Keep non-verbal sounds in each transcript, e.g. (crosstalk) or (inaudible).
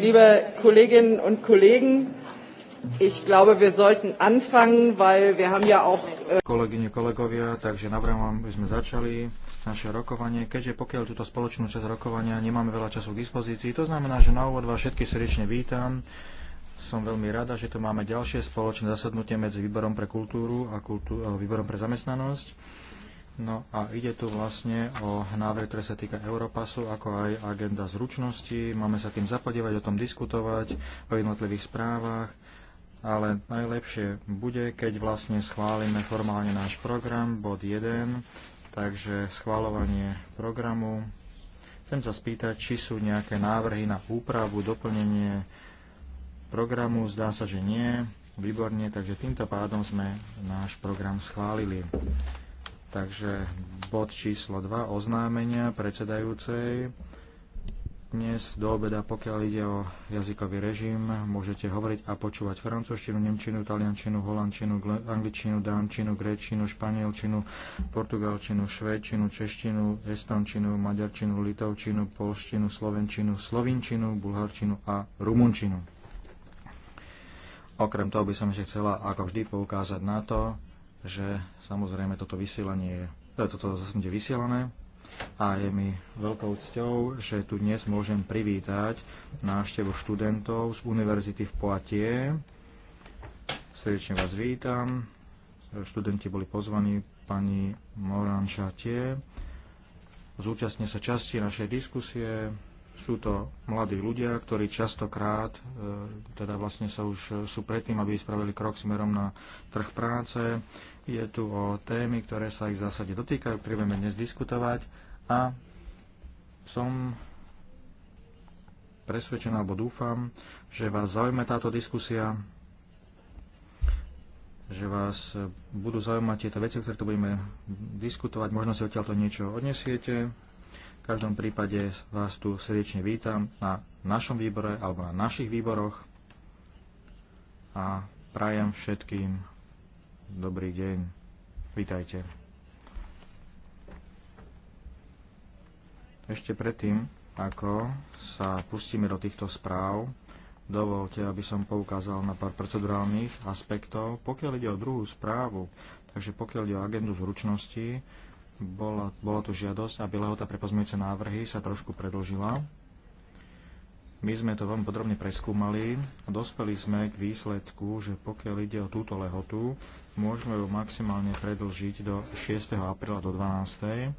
Liebe Kolleginnen und Kollegen, ich glaube, wir sollten anfangen, weil wir haben ja auch... Äh, Kolegyne, kolegovia, takže navrhujem, aby sme začali naše rokovanie, keďže pokiaľ túto spoločnú časť rokovania nemáme veľa času k dispozícii, to znamená, že na úvod vás všetky srdečne vítam. Som veľmi rada, že tu máme ďalšie spoločné zasadnutie medzi Výborom pre kultúru a, kultú- a eh, Výborom pre zamestnanosť. No a ide tu vlastne o návrh, ktoré sa týka Europasu, ako aj agenda zručnosti. Máme sa tým zapodievať, o tom diskutovať, o jednotlivých správach, ale najlepšie bude, keď vlastne schválime formálne náš program, bod 1, takže schválovanie programu. Chcem sa spýtať, či sú nejaké návrhy na úpravu, doplnenie programu. Zdá sa, že nie. Výborne, takže týmto pádom sme náš program schválili. Takže bod číslo 2 oznámenia predsedajúcej. Dnes do obeda, pokiaľ ide o jazykový režim, môžete hovoriť a počúvať francúzštinu, nemčinu, taliančinu, holandčinu, angličinu, dánčinu, gréčinu, španielčinu, portugalčinu, švédčinu, češtinu, estončinu, maďarčinu, litovčinu, polštinu, slovenčinu, slovinčinu, bulharčinu a rumunčinu. Okrem toho by som ešte chcela, ako vždy, poukázať na to, že samozrejme toto vysielanie je, e, toto zase vysielané a je mi veľkou cťou, že tu dnes môžem privítať návštevu študentov z Univerzity v Poatie. Srdečne vás vítam. Študenti boli pozvaní pani Moran Šatie. Zúčastne sa časti našej diskusie. Sú to mladí ľudia, ktorí častokrát, e, teda vlastne sa už e, sú predtým, aby spravili krok smerom na trh práce. Je tu o témy, ktoré sa ich v zásade dotýkajú, ktoré budeme dnes diskutovať a som presvedčená, alebo dúfam, že vás zaujme táto diskusia, že vás budú zaujímať tieto veci, o ktorých tu budeme diskutovať. Možno si odtiaľto niečo odnesiete. V každom prípade vás tu srdečne vítam na našom výbore alebo na našich výboroch a prajem všetkým Dobrý deň. Vítajte. Ešte predtým, ako sa pustíme do týchto správ, dovolte, aby som poukázal na pár procedurálnych aspektov. Pokiaľ ide o druhú správu, takže pokiaľ ide o agendu zručnosti, bola, bola tu žiadosť, aby lehota pre pozmeňujúce návrhy sa trošku predlžila my sme to veľmi podrobne preskúmali a dospeli sme k výsledku, že pokiaľ ide o túto lehotu, môžeme ju maximálne predlžiť do 6. apríla do 12.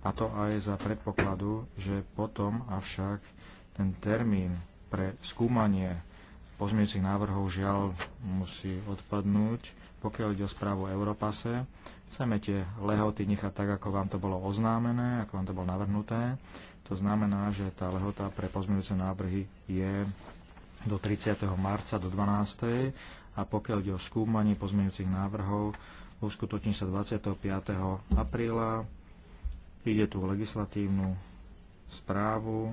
A to aj za predpokladu, že potom avšak ten termín pre skúmanie pozmiecich návrhov žiaľ musí odpadnúť. Pokiaľ ide o správu Europase, chceme tie lehoty nechať tak, ako vám to bolo oznámené, ako vám to bolo navrhnuté. To znamená, že tá lehota pre pozmeňujúce návrhy je do 30. marca do 12. a pokiaľ ide o skúmanie pozmeňujúcich návrhov, uskutoční sa 25. apríla. Ide tu o legislatívnu správu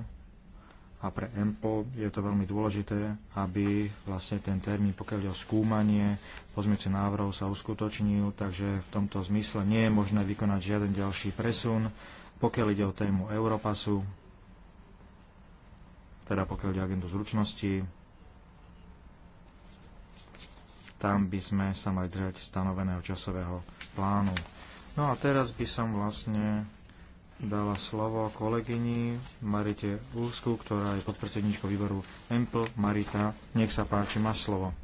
a pre EMPO je to veľmi dôležité, aby vlastne ten termín, pokiaľ ide o skúmanie pozmeňujúcich návrhov sa uskutočnil, takže v tomto zmysle nie je možné vykonať žiaden ďalší presun pokiaľ ide o tému Europasu, teda pokiaľ ide o agendu zručnosti, tam by sme sa mali držať stanoveného časového plánu. No a teraz by som vlastne dala slovo kolegyni Marite Úsku, ktorá je podpredsedničkou výboru EMPL. Marita, nech sa páči, máš slovo.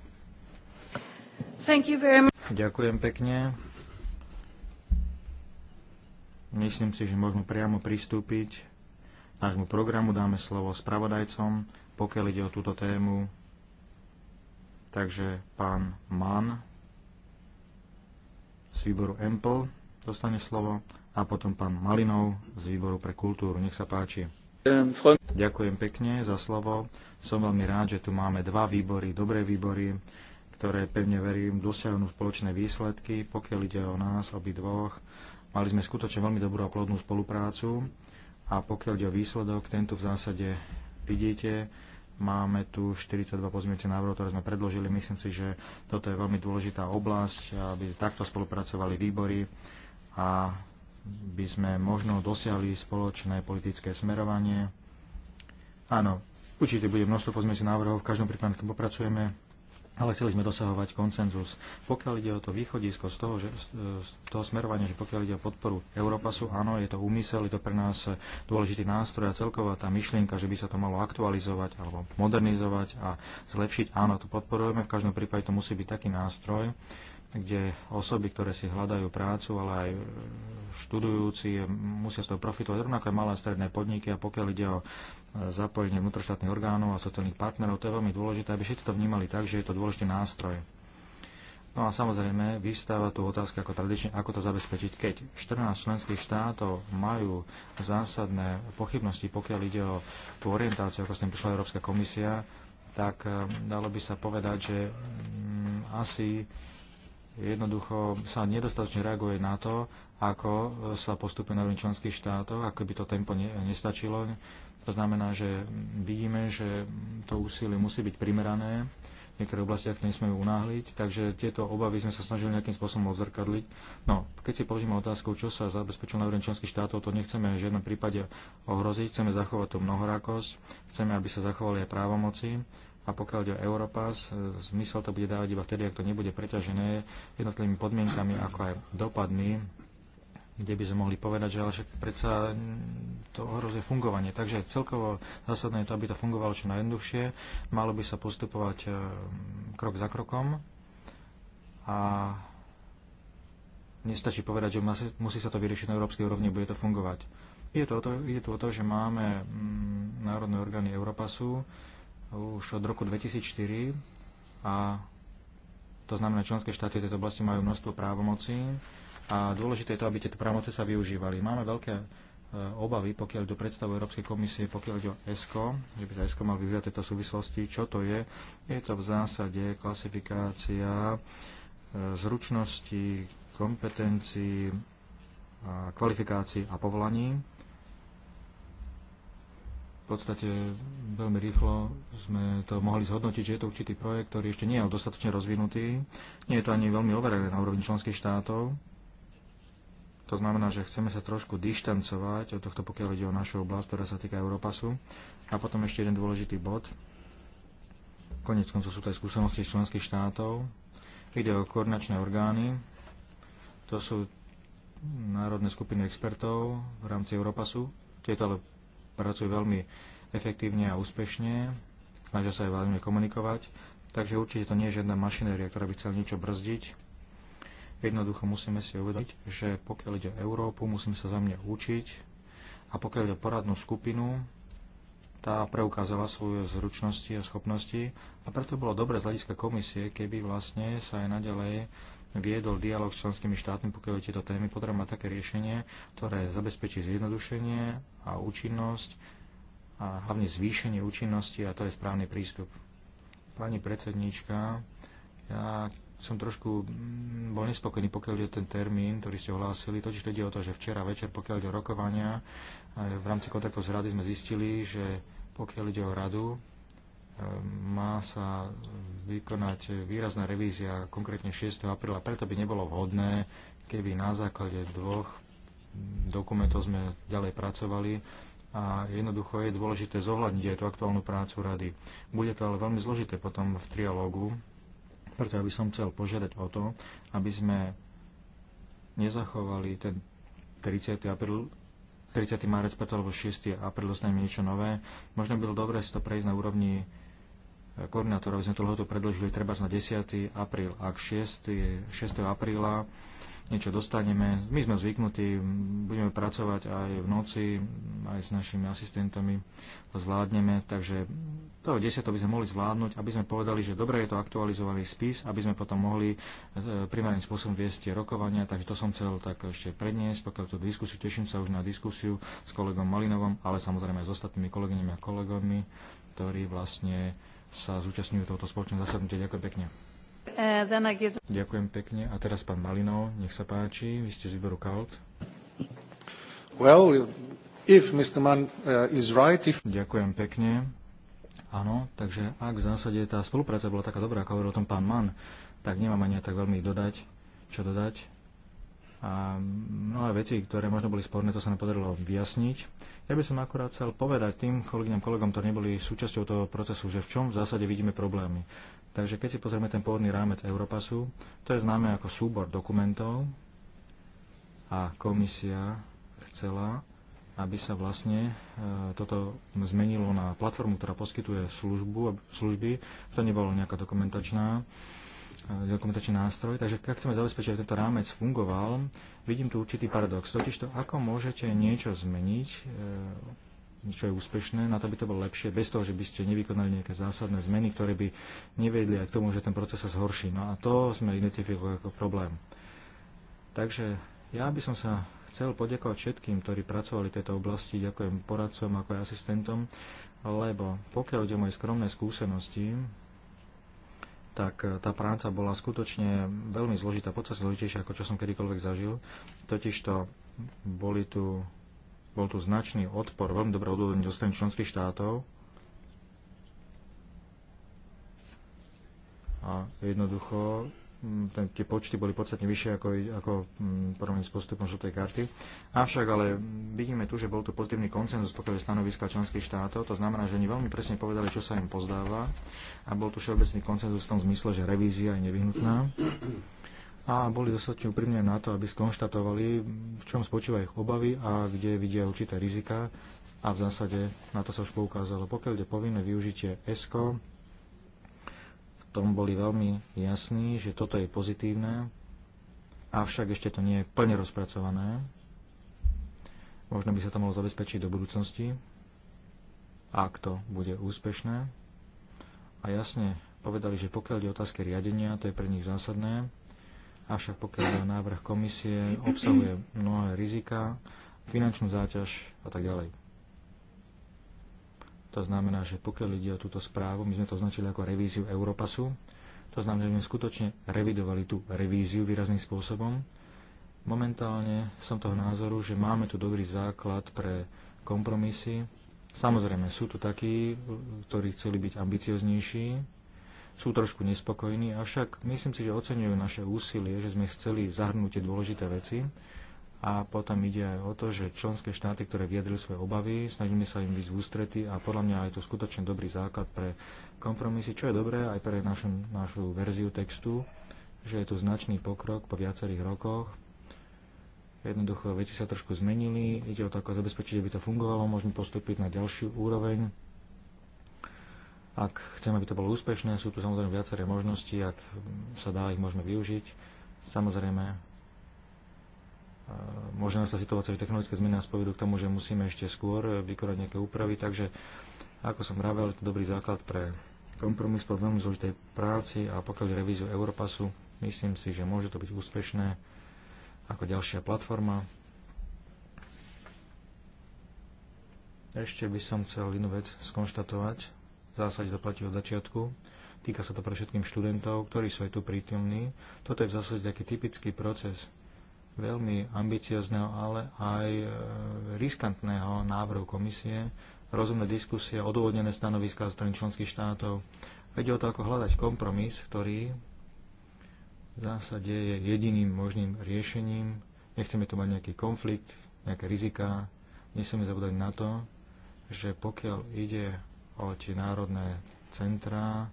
Ďakujem pekne. Myslím si, že môžeme priamo pristúpiť k nášmu programu, dáme slovo spravodajcom, pokiaľ ide o túto tému. Takže pán Mann z výboru EMPL dostane slovo a potom pán Malinov z výboru pre kultúru. Nech sa páči. Ďakujem pekne za slovo. Som veľmi rád, že tu máme dva výbory, dobré výbory, ktoré pevne verím dosiahnu spoločné výsledky, pokiaľ ide o nás, obi dvoch. Mali sme skutočne veľmi dobrú a plodnú spoluprácu a pokiaľ ide o výsledok, tento v zásade vidíte. Máme tu 42 pozmeňujúcich návrhov, ktoré sme predložili. Myslím si, že toto je veľmi dôležitá oblasť, aby takto spolupracovali výbory a by sme možno dosiahli spoločné politické smerovanie. Áno, určite bude množstvo pozmeňujúcich návrhov, v každom prípade popracujeme ale chceli sme dosahovať koncenzus. Pokiaľ ide o to východisko z toho, že, z toho smerovania, že pokiaľ ide o podporu Európasu, áno, je to úmysel, je to pre nás dôležitý nástroj a celková tá myšlienka, že by sa to malo aktualizovať alebo modernizovať a zlepšiť, áno, to podporujeme, v každom prípade to musí byť taký nástroj, kde osoby, ktoré si hľadajú prácu, ale aj e, študujúci e, musia z toho profitovať rovnako aj malé a stredné podniky a pokiaľ ide o e, zapojenie vnútroštátnych orgánov a sociálnych partnerov, to je veľmi dôležité, aby všetci to vnímali tak, že je to dôležitý nástroj. No a samozrejme, vystáva tu otázka ako tradične, ako to zabezpečiť, keď 14 členských štátov majú zásadné pochybnosti, pokiaľ ide o tú orientáciu, ako s tým prišla Európska komisia, tak dalo by sa povedať, že mm, asi jednoducho sa nedostatočne reaguje na to, ako sa postupuje na úrovni členských štátov, ako by to tempo ne, nestačilo. To znamená, že vidíme, že to úsilie musí byť primerané, v niektorých oblastiach nesmieme unáhliť, takže tieto obavy sme sa snažili nejakým spôsobom odzrkadliť. No, keď si položíme otázku, čo sa zabezpečilo na úrovni členských štátov, to nechceme v žiadnom prípade ohroziť, chceme zachovať tú mnohorakosť, chceme, aby sa zachovali aj právomoci, a pokiaľ ide o Europass, e, zmysel to bude dávať iba vtedy, ak to nebude preťažené jednotlivými podmienkami, ako aj dopadmi, kde by sme mohli povedať, že ale však predsa to ohrozuje fungovanie. Takže celkovo zásadné je to, aby to fungovalo čo najjednoduchšie. Malo by sa postupovať e, krok za krokom a nestačí povedať, že musí sa to vyriešiť na európskej úrovni, bude to fungovať. Ide, to o to, ide tu o to, že máme mm, národné orgány Europasu, už od roku 2004 a to znamená, členské štáty v tejto oblasti majú množstvo právomocí a dôležité je to, aby tieto právomoci sa využívali. Máme veľké e, obavy, pokiaľ do predstavu Európskej komisie, pokiaľ do o ESCO, že by sa ESCO mal vyvíjať tieto súvislosti. Čo to je? Je to v zásade klasifikácia e, zručnosti, kompetencií, kvalifikácií a povolaní podstate veľmi rýchlo sme to mohli zhodnotiť, že je to určitý projekt, ktorý ešte nie je dostatočne rozvinutý. Nie je to ani veľmi overené na úrovni členských štátov. To znamená, že chceme sa trošku dištancovať od tohto, pokiaľ ide o našu oblasť, ktorá sa týka Europasu. A potom ešte jeden dôležitý bod. Konec koncov sú to aj skúsenosti členských štátov. Ide o koordinačné orgány. To sú národné skupiny expertov v rámci Európasu, Tieto ale pracujú veľmi efektívne a úspešne, snažia sa aj veľmi komunikovať, takže určite to nie je žiadna mašinéria, ktorá by chcela niečo brzdiť. Jednoducho musíme si uvedomiť, že pokiaľ ide o Európu, musíme sa za mňa učiť a pokiaľ ide o poradnú skupinu, tá preukázala svoje zručnosti a schopnosti a preto bolo dobre z hľadiska komisie, keby vlastne sa aj naďalej viedol dialog s členskými štátmi, pokiaľ tieto témy, potrebujeme mať také riešenie, ktoré zabezpečí zjednodušenie a účinnosť a hlavne zvýšenie účinnosti a to je správny prístup. Pani predsedníčka, ja som trošku mm, bol nespokojný, pokiaľ ide ten termín, ktorý ste ohlásili. Totiž to ide o to, že včera večer, pokiaľ ide o rokovania, v rámci kontaktov s rady sme zistili, že pokiaľ ide o radu, má sa vykonať výrazná revízia konkrétne 6. apríla, preto by nebolo vhodné, keby na základe dvoch dokumentov sme ďalej pracovali a jednoducho je dôležité zohľadniť aj tú aktuálnu prácu rady. Bude to ale veľmi zložité potom v trialógu, preto by som chcel požiadať o to, aby sme nezachovali ten 30. apríl 30. marec, preto, alebo 6. apríl dostaneme niečo nové. Možno by bolo dobré si to prejsť na úrovni koordinátora, aby sme to lehotu predložili treba na 10. apríl. Ak 6. 6. apríla niečo dostaneme, my sme zvyknutí, budeme pracovať aj v noci, aj s našimi asistentami to zvládneme, takže toho 10. by sme mohli zvládnuť, aby sme povedali, že dobre je to aktualizovaný spis, aby sme potom mohli e, primárnym spôsobom viesť tie rokovania, takže to som chcel tak ešte predniesť, pokiaľ tú diskusiu, teším sa už na diskusiu s kolegom Malinovom, ale samozrejme aj s ostatnými kolegyňami a kolegami, ktorí vlastne sa zúčastňujú tohoto spoločného zasadnutia. Ďakujem pekne. E, Ďakujem pekne. A teraz pán Malinov, nech sa páči. Vy ste z výboru KALT. Well, if Mr. Mann uh, is right, if... Ďakujem pekne. Áno, takže ak v zásade tá spolupráca bola taká dobrá, ako hovoril o tom pán Mann, tak nemám ani tak veľmi dodať, čo dodať a mnohé veci, ktoré možno boli sporné, to sa nám podarilo vyjasniť. Ja by som akurát chcel povedať tým kolegyňam, kolegom, ktorí neboli súčasťou toho procesu, že v čom v zásade vidíme problémy. Takže keď si pozrieme ten pôvodný rámec Europasu, to je známe ako súbor dokumentov a komisia chcela, aby sa vlastne e, toto zmenilo na platformu, ktorá poskytuje službu, služby. To nebolo nejaká dokumentačná dokumentačný nástroj. Takže ak chceme zabezpečiť, aby tento rámec fungoval, vidím tu určitý paradox. Totiž to, ako môžete niečo zmeniť, e, niečo je úspešné, na to by to bolo lepšie, bez toho, že by ste nevykonali nejaké zásadné zmeny, ktoré by nevedli aj k tomu, že ten proces sa zhorší. No a to sme identifikovali ako problém. Takže ja by som sa chcel poďakovať všetkým, ktorí pracovali v tejto oblasti, ďakujem poradcom ako aj asistentom, lebo pokiaľ ide o moje skromné skúsenosti, tak e, tá práca bola skutočne veľmi zložitá, podstate zložitejšia, ako čo som kedykoľvek zažil. Totižto boli tu, bol tu značný odpor, veľmi dobré odôvodnenie zo strany členských štátov. A jednoducho ten, tie počty boli podstatne vyššie ako, ako porovnaní s postupom žltej karty. Avšak ale vidíme tu, že bol tu pozitívny koncenzus pokiaľ stanoviska členských štátov, to znamená, že oni veľmi presne povedali, čo sa im pozdáva a bol tu všeobecný koncenzus v tom zmysle, že revízia je nevyhnutná a boli dostatočne úprimné na to, aby skonštatovali, v čom spočívajú ich obavy a kde vidia určité rizika a v zásade na to sa už poukázalo. Pokiaľ ide povinné využitie ESCO, v tom boli veľmi jasní, že toto je pozitívne, avšak ešte to nie je plne rozpracované. Možno by sa to malo zabezpečiť do budúcnosti, ak to bude úspešné a jasne povedali, že pokiaľ je otázky riadenia, to je pre nich zásadné, avšak pokiaľ návrh komisie obsahuje mnohé rizika, finančnú záťaž a tak ďalej. To znamená, že pokiaľ ide o túto správu, my sme to označili ako revíziu Europasu. To znamená, že sme skutočne revidovali tú revíziu výrazným spôsobom. Momentálne som toho názoru, že máme tu dobrý základ pre kompromisy. Samozrejme, sú tu takí, ktorí chceli byť ambicioznejší, sú trošku nespokojní, avšak myslím si, že oceňujú naše úsilie, že sme chceli zahrnúť tie dôležité veci a potom ide aj o to, že členské štáty, ktoré vyjadrili svoje obavy, snažíme sa im byť v ústrety a podľa mňa je to skutočne dobrý základ pre kompromisy, čo je dobré aj pre našu, našu verziu textu, že je tu značný pokrok po viacerých rokoch, Jednoducho veci sa trošku zmenili, ide o to, ako zabezpečiť, aby to fungovalo, môžeme postúpiť na ďalšiu úroveň. Ak chceme, aby to bolo úspešné, sú tu samozrejme viaceré možnosti, ak sa dá, ich môžeme využiť. Samozrejme, e, môže sa situácia, že technologické zmeny nás povedú k tomu, že musíme ešte skôr vykonať nejaké úpravy, takže ako som vravel, je to dobrý základ pre kompromis po veľmi zložitej práci a pokiaľ revíziu Europasu, myslím si, že môže to byť úspešné ako ďalšia platforma. Ešte by som chcel inú vec skonštatovať. V zásade to platí od začiatku. Týka sa to pre všetkým študentov, ktorí sú aj tu prítomní. Toto je v zásade taký typický proces veľmi ambiciozného, ale aj e, riskantného návrhu komisie, rozumné diskusie, odôvodnené stanoviská zo strany členských štátov. Vede o to, ako hľadať kompromis, ktorý v zásade je jediným možným riešením. Nechceme tu mať nejaký konflikt, nejaké riziká. Nesmieme zabúdať na to, že pokiaľ ide o tie národné centrá,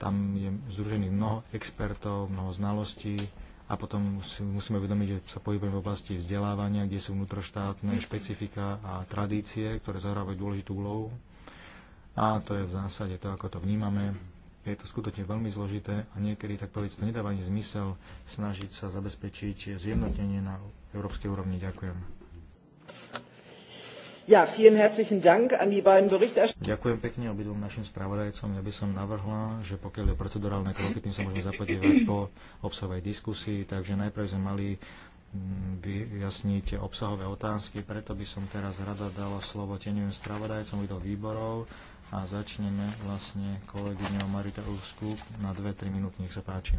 tam je združených mnoho expertov, mnoho znalostí a potom musíme uvedomiť, že sa pohybujeme v oblasti vzdelávania, kde sú vnútroštátne špecifika a tradície, ktoré zahrávajú dôležitú úlohu. A to je v zásade to, ako to vnímame je to skutočne veľmi zložité a niekedy, tak povedz, to nedáva ani zmysel snažiť sa zabezpečiť zjednotenie na európskej úrovni. Ďakujem. Ja, vielen herzlichen Dank an die beiden Berichterstatter. Ďakujem pekne obidvom našim spravodajcom. Ja by som navrhla, že pokiaľ je procedurálne kroky, tým sa môžeme zapodívať po obsahovej diskusii, takže najprv sme mali mm, vyjasniť obsahové otázky, preto by som teraz rada dala slovo teňovým spravodajcom do výborov a začneme vlastne kolegyňou Marita Úskup na 2-3 minúty, nech sa páči.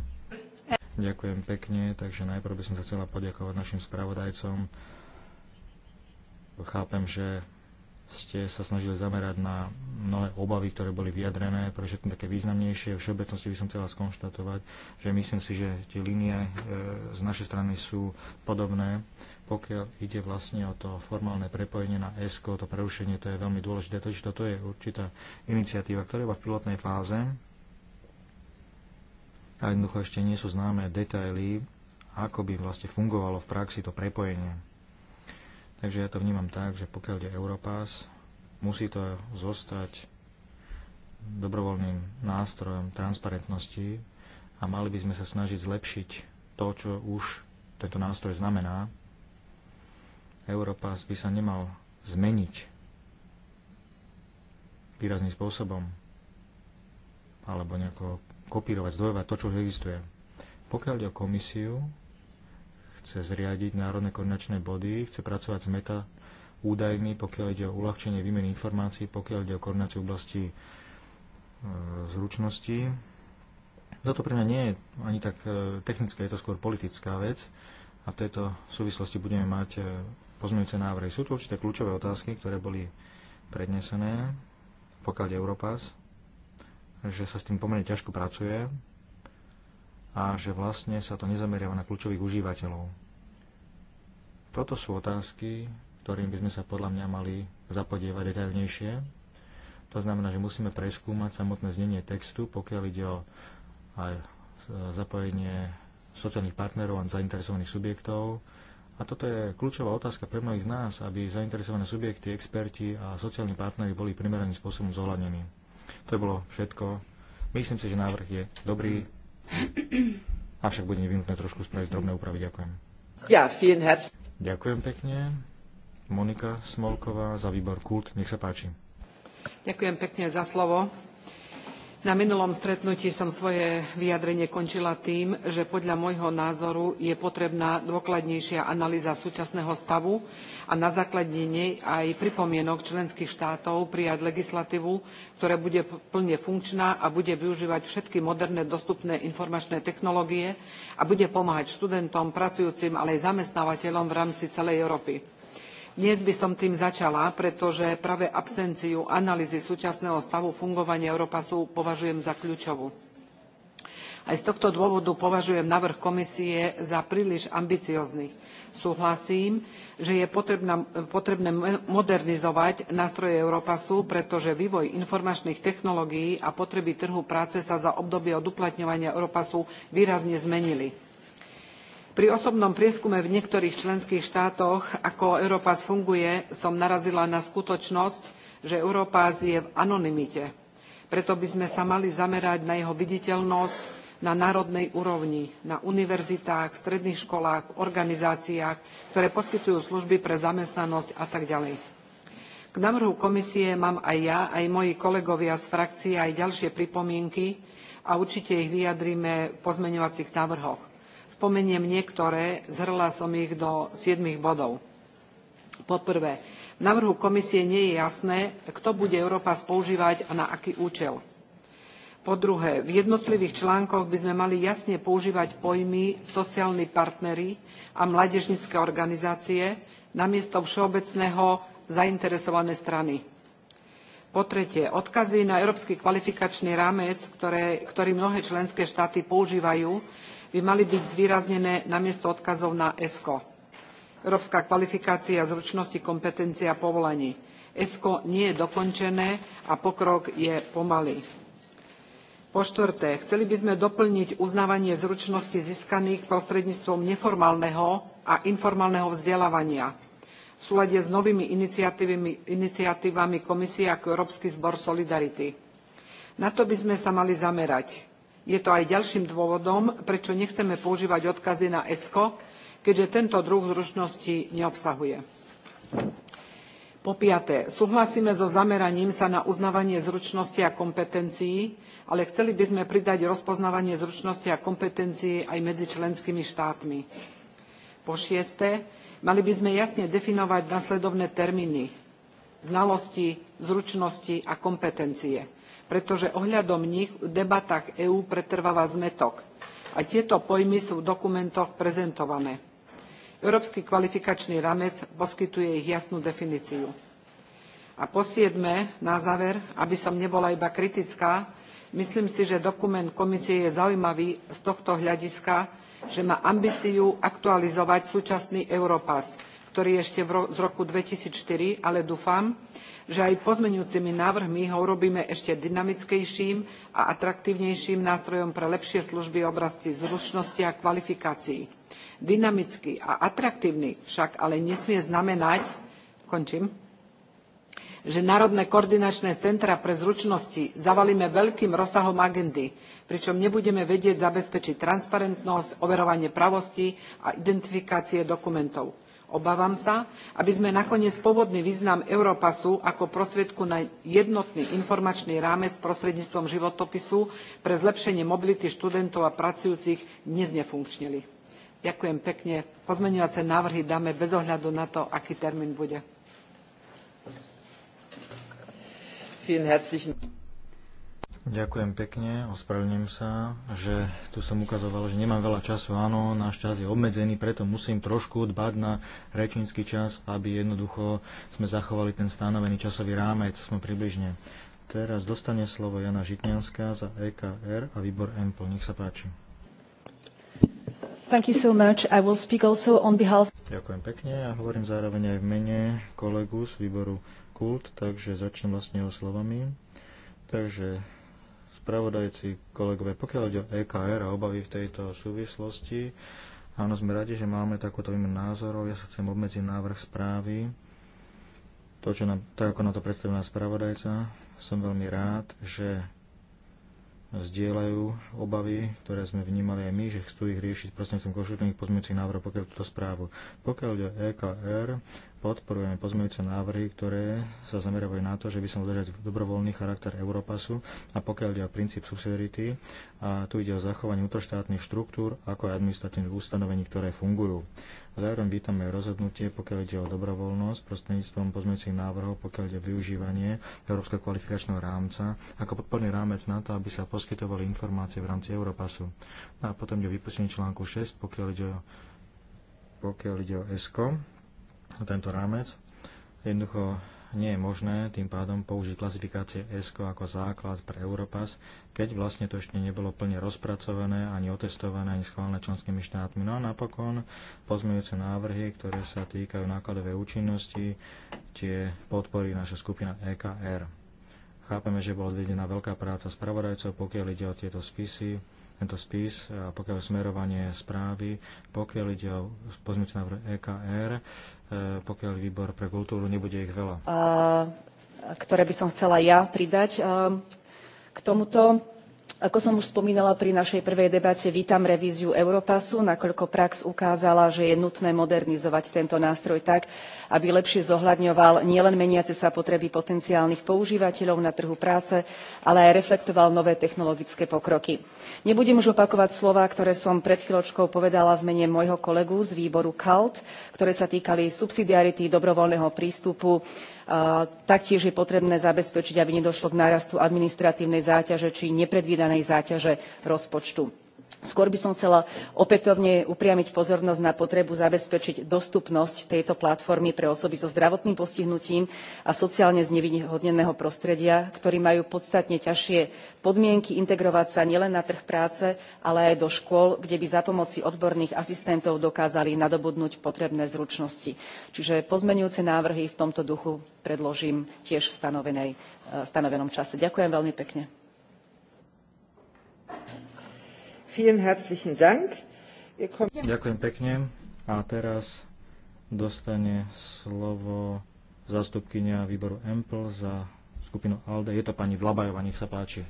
Ďakujem pekne, takže najprv by som sa chcela poďakovať našim spravodajcom. Chápem, že ste sa snažili zamerať na mnohé obavy, ktoré boli vyjadrené, pre všetky také významnejšie. všeobecnosti by som chcela skonštatovať, že myslím si, že tie línie e, z našej strany sú podobné. Pokiaľ ide vlastne o to formálne prepojenie na ESCO, to prerušenie, to je veľmi dôležité. takže toto je určitá iniciatíva, ktorá je v pilotnej fáze. A jednoducho ešte nie sú známe detaily, ako by vlastne fungovalo v praxi to prepojenie Takže ja to vnímam tak, že pokiaľ je Europass, musí to zostať dobrovoľným nástrojom transparentnosti a mali by sme sa snažiť zlepšiť to, čo už tento nástroj znamená. Europass by sa nemal zmeniť výrazným spôsobom alebo nejako kopírovať, zdvojovať to, čo už existuje. Pokiaľ ide o komisiu, chce zriadiť národné koordinačné body, chce pracovať s meta údajmi, pokiaľ ide o uľahčenie výmeny informácií, pokiaľ ide o koordináciu oblasti e, zručnosti. Toto no pre mňa nie je ani tak e, technická, je to skôr politická vec a v tejto súvislosti budeme mať e, pozmeňujúce návrhy. Sú tu určité kľúčové otázky, ktoré boli prednesené, pokiaľ je Europass, že sa s tým pomerne ťažko pracuje, a že vlastne sa to nezameriava na kľúčových užívateľov. Toto sú otázky, ktorým by sme sa podľa mňa mali zapodievať detaľnejšie. To znamená, že musíme preskúmať samotné znenie textu, pokiaľ ide o aj zapojenie sociálnych partnerov a zainteresovaných subjektov. A toto je kľúčová otázka pre mnohých z nás, aby zainteresované subjekty, experti a sociálni partnery boli primeraným spôsobom zohľadnení. To je bolo všetko. Myslím si, že návrh je dobrý, Avšak bude nevyhnutné trošku spraviť drobné úpravy. Ďakujem. Ja, vielen herz. Ďakujem pekne. Monika Smolková za výbor Kult. Nech sa páči. Ďakujem pekne za slovo na minulom stretnutí som svoje vyjadrenie končila tým, že podľa môjho názoru je potrebná dôkladnejšia analýza súčasného stavu a na základe nej aj pripomienok členských štátov prijať legislatívu, ktorá bude plne funkčná a bude využívať všetky moderné dostupné informačné technológie a bude pomáhať študentom, pracujúcim, ale aj zamestnávateľom v rámci celej Európy dnes by som tým začala, pretože práve absenciu analýzy súčasného stavu fungovania Europasu považujem za kľúčovú. Aj z tohto dôvodu považujem návrh komisie za príliš ambiciózny. Súhlasím, že je potrebná, potrebné modernizovať nástroje Europasu, pretože vývoj informačných technológií a potreby trhu práce sa za obdobie od uplatňovania Europasu výrazne zmenili pri osobnom prieskume v niektorých členských štátoch, ako Europass funguje, som narazila na skutočnosť, že Europass je v anonymite. Preto by sme sa mali zamerať na jeho viditeľnosť na národnej úrovni, na univerzitách, stredných školách, organizáciách, ktoré poskytujú služby pre zamestnanosť a tak ďalej. K návrhu komisie mám aj ja, aj moji kolegovia z frakcie aj ďalšie pripomienky a určite ich vyjadríme v pozmeňovacích návrhoch Spomeniem niektoré, zhrla som ich do siedmých bodov. Po prvé, v návrhu komisie nie je jasné, kto bude Európa používať a na aký účel. Po druhé, v jednotlivých článkoch by sme mali jasne používať pojmy sociálni partnery a mládežnické organizácie namiesto všeobecného zainteresované strany. Po tretie, odkazy na Európsky kvalifikačný rámec, ktoré, ktorý mnohé členské štáty používajú, by mali byť zvýraznené namiesto odkazov na ESCO. Európska kvalifikácia zručnosti kompetencia povolaní. ESCO nie je dokončené a pokrok je pomalý. Po štvrté, chceli by sme doplniť uznávanie zručností získaných prostredníctvom neformálneho a informálneho vzdelávania v súlade s novými iniciatívami komisie ako Európsky zbor Solidarity. Na to by sme sa mali zamerať. Je to aj ďalším dôvodom, prečo nechceme používať odkazy na ESCO, keďže tento druh zručnosti neobsahuje. Po piaté, súhlasíme so zameraním sa na uznávanie zručnosti a kompetencií, ale chceli by sme pridať rozpoznávanie zručnosti a kompetencií aj medzi členskými štátmi. Po šieste, mali by sme jasne definovať nasledovné termíny znalosti, zručnosti a kompetencie pretože ohľadom nich v debatách eú pretrváva zmätok a tieto pojmy sú v dokumentoch prezentované. Európsky kvalifikačný ramec poskytuje ich jasnú definíciu. A po siedme, na záver, aby som nebola iba kritická, myslím si, že dokument komisie je zaujímavý z tohto hľadiska, že má ambíciu aktualizovať súčasný Europass, ktorý je ešte z roku 2004, ale dúfam, že aj pozmeňujúcimi návrhmi ho urobíme ešte dynamickejším a atraktívnejším nástrojom pre lepšie služby v oblasti zručnosti a kvalifikácií. Dynamický a atraktívny však ale nesmie znamenať, končím, že národné koordinačné centra pre zručnosti zavalíme veľkým rozsahom agendy, pričom nebudeme vedieť zabezpečiť transparentnosť, overovanie pravosti a identifikácie dokumentov. Obávam sa, aby sme nakoniec pôvodný význam Europasu ako prostriedku na jednotný informačný rámec prostredníctvom životopisu pre zlepšenie mobility študentov a pracujúcich neznefunkčnili. Ďakujem pekne. Pozmeňovacie návrhy dáme bez ohľadu na to, aký termín bude. Ďakujem pekne, ospravedlňujem sa, že tu som ukazoval, že nemám veľa času. Áno, náš čas je obmedzený, preto musím trošku dbať na rečnícky čas, aby jednoducho sme zachovali ten stanovený časový rámec, sme približne. Teraz dostane slovo Jana Žitňanská za EKR a výbor EMPL. Nech sa páči. Thank you so much. I will speak also on behalf... Ďakujem pekne. Ja hovorím zároveň aj v mene kolegu z výboru KULT, takže začnem vlastne o slovami. Takže spravodajci, kolegové, pokiaľ ide o EKR a obavy v tejto súvislosti, áno, sme radi, že máme takúto výmenu názorov. Ja sa chcem obmedziť návrh správy. To, čo nám, tak ako na to predstavila spravodajca, som veľmi rád, že zdieľajú obavy, ktoré sme vnímali aj my, že chcú ich riešiť prostredníctvom konštruktívnych pozmeňujúcich návrhov, pokiaľ túto správu. Pokiaľ ide EKR, podporujeme pozmeňujúce návrhy, ktoré sa zameriavajú na to, že by som udržať dobrovoľný charakter Europasu a pokiaľ ide o princíp subsidiarity a tu ide o zachovanie útroštátnych štruktúr ako aj administratívnych ustanovení, ktoré fungujú. Zároveň vítame rozhodnutie, pokiaľ ide o dobrovoľnosť prostredníctvom pozmeňujúcich návrhov, pokiaľ ide o využívanie Európskeho kvalifikačného rámca ako podporný rámec na to, aby sa poskytovali informácie v rámci Europasu. No a potom ide o vypustenie článku 6, pokiaľ ide o, pokiaľ ide o ESCO, o tento rámec. Jednoducho nie je možné tým pádom použiť klasifikácie ESCO ako základ pre Europass, keď vlastne to ešte nebolo plne rozpracované, ani otestované, ani schválené členskými štátmi. No a napokon pozmejúce návrhy, ktoré sa týkajú nákladovej účinnosti, tie podporí naša skupina EKR. Chápeme, že bola odvedená veľká práca spravodajcov, pokiaľ ide o tieto spisy, tento spis, a e, pokiaľ smerovanie správy, pokiaľ ide o pozmeňujúci návrh EKR, e, pokiaľ výbor pre kultúru, nebude ich veľa. A, ktoré by som chcela ja pridať a, e, k tomuto ako som už spomínala pri našej prvej debate, vítam revíziu Europasu, nakoľko prax ukázala, že je nutné modernizovať tento nástroj tak, aby lepšie zohľadňoval nielen meniace sa potreby potenciálnych používateľov na trhu práce, ale aj reflektoval nové technologické pokroky. Nebudem už opakovať slová, ktoré som pred chvíľočkou povedala v mene môjho kolegu z výboru CALT, ktoré sa týkali subsidiarity, dobrovoľného prístupu Taktiež je potrebné zabezpečiť, aby nedošlo k nárastu administratívnej záťaže či nepredvídanej záťaže rozpočtu Skôr by som chcela opätovne upriamiť pozornosť na potrebu zabezpečiť dostupnosť tejto platformy pre osoby so zdravotným postihnutím a sociálne znevýhodneného prostredia, ktorí majú podstatne ťažšie podmienky integrovať sa nielen na trh práce, ale aj do škôl, kde by za pomoci odborných asistentov dokázali nadobudnúť potrebné zručnosti. Čiže pozmenujúce návrhy v tomto duchu predložím tiež v e, stanovenom čase. Ďakujem veľmi pekne. Vielen herzlichen Dank. Ďakujem pekne. A teraz dostane slovo zastupkynia výboru EMPL za skupinu ALDE. Je to pani Vlabajová, nech sa páči. (laughs)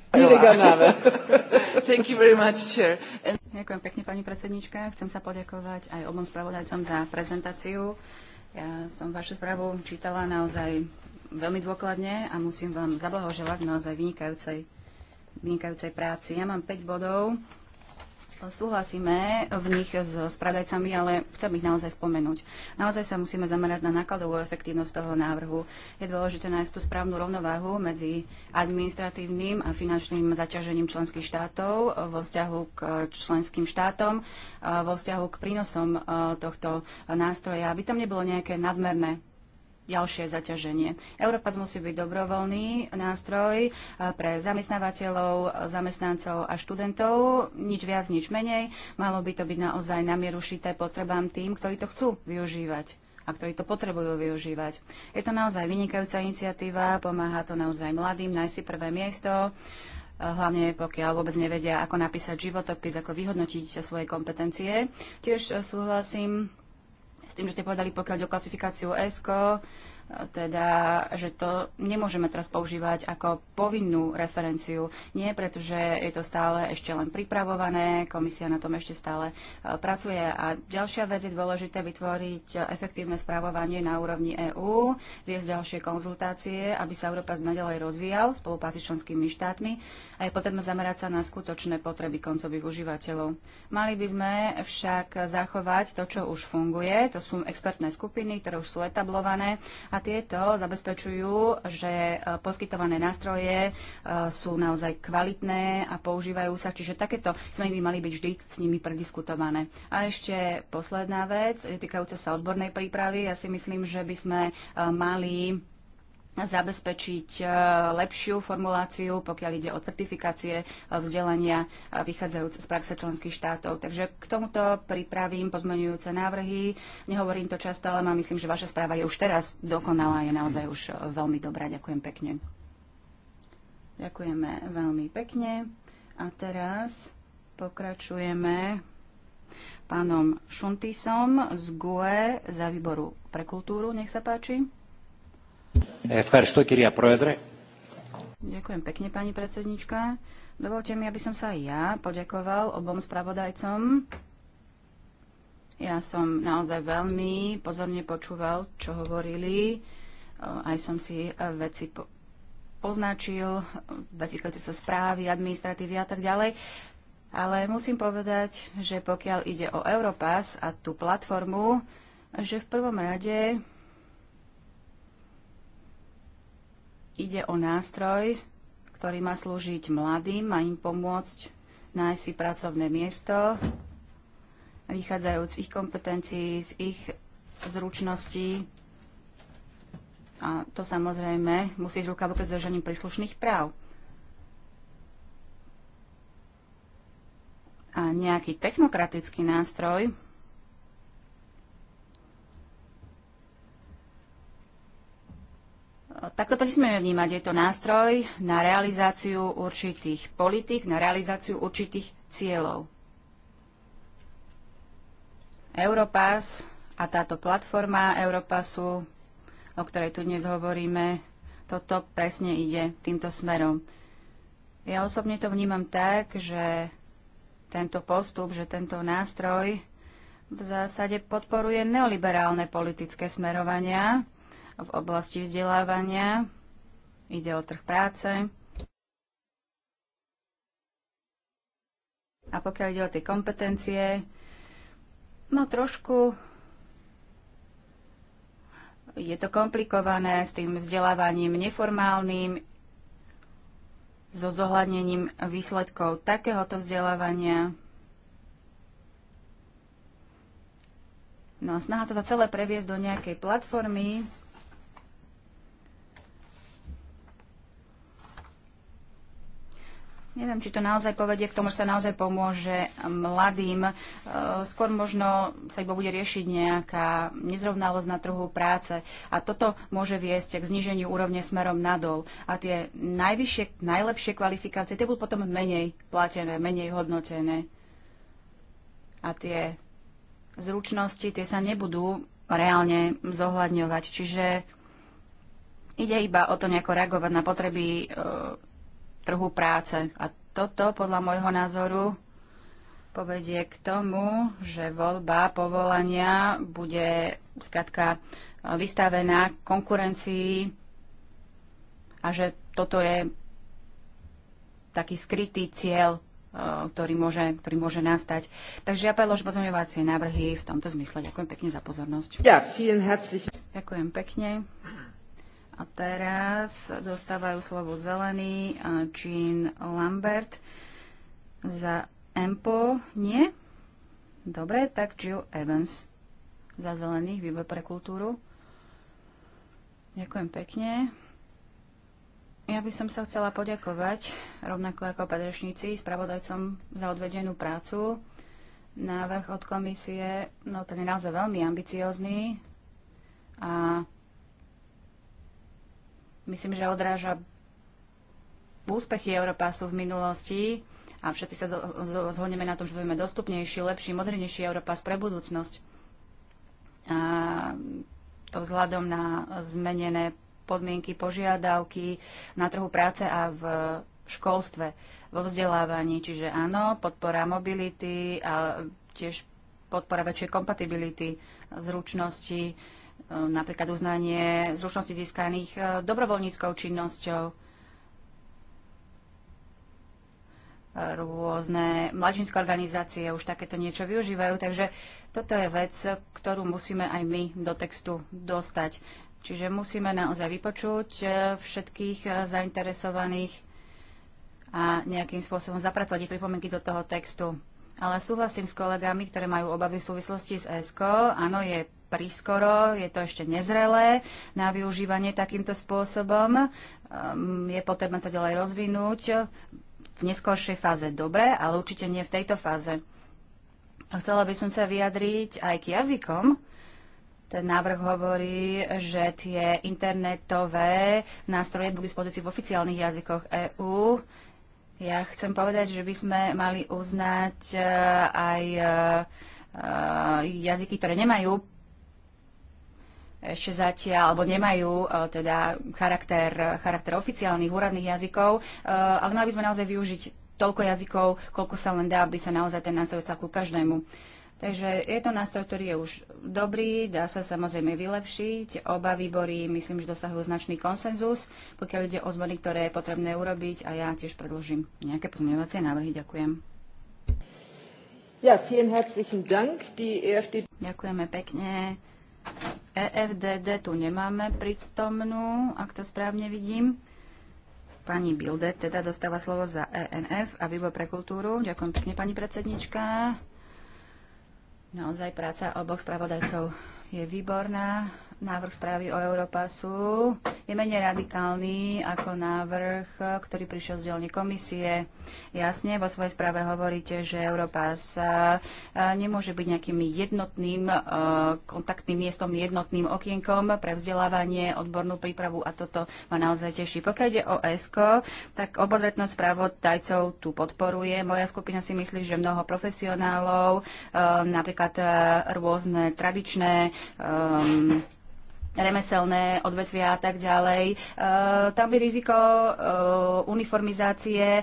Thank you very much, chair. And... Ďakujem pekne, pani predsednička. Chcem sa poďakovať aj obom spravodajcom za prezentáciu. Ja som vašu správu čítala naozaj veľmi dôkladne a musím vám zablahoželať naozaj vynikajúcej, vynikajúcej práci. Ja mám 5 bodov, súhlasíme v nich s spravdajcami, ale chcem ich naozaj spomenúť. Naozaj sa musíme zamerať na nákladovú efektívnosť toho návrhu. Je dôležité nájsť tú správnu rovnováhu medzi administratívnym a finančným zaťažením členských štátov vo vzťahu k členským štátom, vo vzťahu k prínosom e, tohto nástroja, aby tam nebolo nejaké nadmerné ďalšie zaťaženie. Európa musí byť dobrovoľný nástroj eh, pre zamestnávateľov, zamestnancov a študentov. Nič viac, nič menej. Malo by to byť naozaj namierušité potrebám tým, ktorí to chcú využívať a ktorí to potrebujú využívať. Je to naozaj vynikajúca iniciatíva, pomáha to naozaj mladým nájsť si prvé miesto eh, hlavne pokiaľ vôbec nevedia, ako napísať životopis, ako vyhodnotiť svoje kompetencie. Tiež eh, súhlasím s tým, že ste povedali, pokiaľ ide o klasifikáciu ESCO, teda, že to nemôžeme teraz používať ako povinnú referenciu. Nie, pretože je to stále ešte len pripravované, komisia na tom ešte stále e, pracuje. A ďalšia vec je dôležité vytvoriť efektívne správovanie na úrovni EÚ, viesť ďalšie konzultácie, aby sa Európa nadalej rozvíjal v spolupráci s členskými štátmi a je potrebné zamerať sa na skutočné potreby koncových užívateľov. Mali by sme však zachovať to, čo už funguje, to sú expertné skupiny, ktoré už sú etablované a tieto zabezpečujú, že e, poskytované nástroje e, sú naozaj kvalitné a používajú sa, čiže takéto sme by mali byť vždy s nimi prediskutované. A ešte posledná vec, týkajúca sa odbornej prípravy. Ja si myslím, že by sme e, mali zabezpečiť eh, lepšiu formuláciu, pokiaľ ide o certifikácie eh, vzdelania eh, vychádzajúce z praxe členských štátov. Takže k tomuto pripravím pozmenujúce návrhy. Nehovorím to často, ale mám, myslím, že vaša správa je už teraz dokonalá, je naozaj už veľmi dobrá. Ďakujem pekne. Ďakujeme veľmi pekne. A teraz pokračujeme pánom Šuntisom z GUE za výboru pre kultúru. Nech sa páči. Ďakujem pekne, pani predsednička. Dovolte mi, aby som sa aj ja poďakoval obom spravodajcom. Ja som naozaj veľmi pozorne počúval, čo hovorili. Aj som si e, veci poznačil, označil, veci, ktoré sa správy, administratívy a tak ďalej. Ale musím povedať, že pokiaľ ide o Europass a tú platformu, že v prvom rade Ide o nástroj, ktorý má slúžiť mladým, a im pomôcť nájsť si pracovné miesto, vychádzajúc z ich kompetencií, z ich zručností. A to samozrejme musí ísť ruka v ruke s držaním príslušných práv. A nejaký technokratický nástroj Takto to nesmieme vnímať. Je to nástroj na realizáciu určitých politik, na realizáciu určitých cieľov. Europass a táto platforma Europassu, o ktorej tu dnes hovoríme, toto presne ide týmto smerom. Ja osobne to vnímam tak, že tento postup, že tento nástroj v zásade podporuje neoliberálne politické smerovania, v oblasti vzdelávania. Ide o trh práce. A pokiaľ ide o tie kompetencie, no trošku je to komplikované s tým vzdelávaním neformálnym, so zohľadnením výsledkov takéhoto vzdelávania. No a snaha to teda celé previesť do nejakej platformy, Neviem, či to naozaj povedie k tomu, že sa naozaj pomôže mladým. E, skôr možno sa iba bude riešiť nejaká nezrovnalosť na trhu práce. A toto môže viesť k zníženiu úrovne smerom nadol. A tie najvyššie, najlepšie kvalifikácie, tie budú potom menej platené, menej hodnotené. A tie zručnosti, tie sa nebudú reálne zohľadňovať. Čiže ide iba o to nejako reagovať na potreby e, trhu práce. A toto podľa môjho názoru povedie k tomu, že voľba povolania bude skratka vystavená konkurencii a že toto je taký skrytý cieľ e, ktorý môže, ktorý môže nastať. Takže ja predložím pozmeňovacie návrhy v tomto zmysle. Ďakujem pekne za pozornosť. Ja, vielen herzlich. Ďakujem pekne. A teraz dostávajú slovo zelený eh, Jean Lambert za Empo. Nie? Dobre, tak Jill Evans za zelených, výbor pre kultúru. Ďakujem pekne. Ja by som sa chcela poďakovať, rovnako ako predrečníci, spravodajcom za odvedenú prácu. Návrh od komisie, no ten je naozaj veľmi ambiciózny a myslím, že odráža úspechy Európasu v minulosti a všetci sa zhodneme na tom, že budeme dostupnejší, lepší, modernejší Európas pre budúcnosť. A to vzhľadom na zmenené podmienky, požiadavky na trhu práce a v školstve, vo vzdelávaní. Čiže áno, podpora mobility a tiež podpora väčšej kompatibility, zručnosti, E, napríklad uznanie zručnosti získaných e, dobrovoľníckou činnosťou, e, rôzne mladžinské organizácie už takéto niečo využívajú, takže toto je vec, ktorú musíme aj my do textu dostať. Čiže musíme naozaj vypočuť všetkých zainteresovaných a nejakým spôsobom zapracovať ich pripomienky do toho textu. Ale súhlasím s kolegami, ktoré majú obavy v súvislosti s ESCO. Áno, je prískoro, je to ešte nezrelé na využívanie takýmto spôsobom. Ehm, je potrebné to ďalej rozvinúť. V neskoršej fáze dobre, ale určite nie v tejto fáze. Chcela by som sa vyjadriť aj k jazykom, ten návrh hovorí, že tie internetové nástroje budú dispozícii v oficiálnych jazykoch EÚ. Ja chcem povedať, že by sme mali uznať eh, aj eh, eh, jazyky, ktoré nemajú ešte zatiaľ, alebo nemajú e, teda charakter, charakter oficiálnych úradných jazykov, e, ale mali by sme naozaj využiť toľko jazykov, koľko sa len dá, aby sa naozaj ten nástroj stal ku každému. Takže je to nástroj, ktorý je už dobrý, dá sa samozrejme vylepšiť. Oba výbory, myslím, že dosahujú značný konsenzus, pokiaľ ide o zmeny, ktoré je potrebné urobiť a ja tiež predložím nejaké pozmeňovacie návrhy. Ďakujem. Ja, vielen herzlichen Dank. Die Ďakujeme pekne. EFDD tu nemáme pritomnú, ak to správne vidím. Pani Bilde teda dostáva slovo za ENF a Výbor pre kultúru. Ďakujem pekne, pani predsednička. Naozaj práca oboch spravodajcov je výborná návrh správy o Europasu je menej radikálny ako návrh, ktorý prišiel z dielne komisie. Jasne, vo svojej správe hovoríte, že Europass eh, nemôže byť nejakým jednotným eh, kontaktným miestom, jednotným okienkom pre vzdelávanie, odbornú prípravu a toto ma naozaj teší. Pokiaľ ide o ESCO, tak obozretnosť správodajcov tu podporuje. Moja skupina si myslí, že mnoho profesionálov, eh, napríklad rôzne tradičné ehm, remeselné odvetvia a tak ďalej. E, tam by riziko e, uniformizácie e,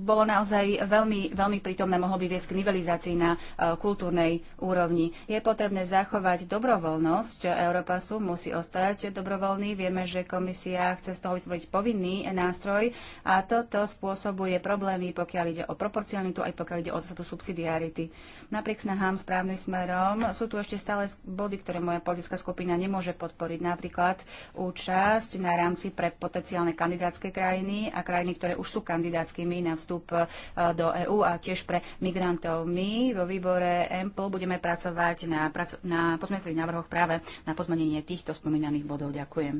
bolo naozaj veľmi, veľmi prítomné, mohlo by viesť k nivelizácii na e, kultúrnej úrovni. Je potrebné zachovať dobrovoľnosť. Európasu, musí ostať dobrovoľný. Vieme, že komisia chce z toho vytvoriť povinný nástroj a toto spôsobuje problémy, pokiaľ ide o proporcionalitu, aj pokiaľ ide o zásadu subsidiarity. Napriek snahám správnym smerom sú tu ešte stále body, ktoré moja politická skupina nemôže nemôže podporiť. Napríklad účasť na rámci pre potenciálne kandidátske krajiny a krajiny, ktoré už sú kandidátskymi na vstup e, do EÚ a tiež pre migrantov. My vo výbore EMPL budeme pracovať na, prac- na pozmenených návrhoch práve na pozmenenie týchto spomínaných bodov. Ďakujem.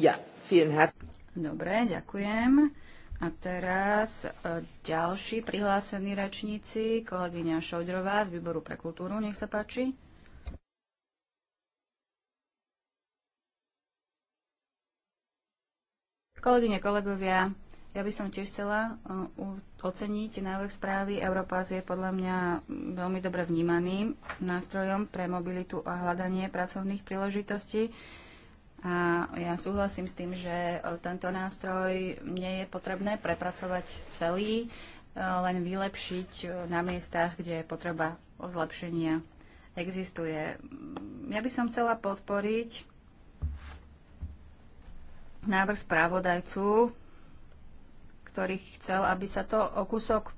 Ja, vielen Dobre, ďakujem. A teraz e, ďalší prihlásení rečníci, kolegyňa Šojdrová z Výboru pre kultúru, nech sa páči. Kolegyne, kolegovia, ja by som tiež chcela uh, oceniť návrh správy. Europass je podľa mňa veľmi dobre vnímaným nástrojom pre mobilitu a hľadanie pracovných príležitostí. A ja súhlasím s tým, že uh, tento nástroj nie je potrebné prepracovať celý, uh, len vylepšiť na miestach, kde je potreba zlepšenia existuje. Ja by som chcela podporiť návrh správodajcu, ktorý chcel, aby sa to o kúsok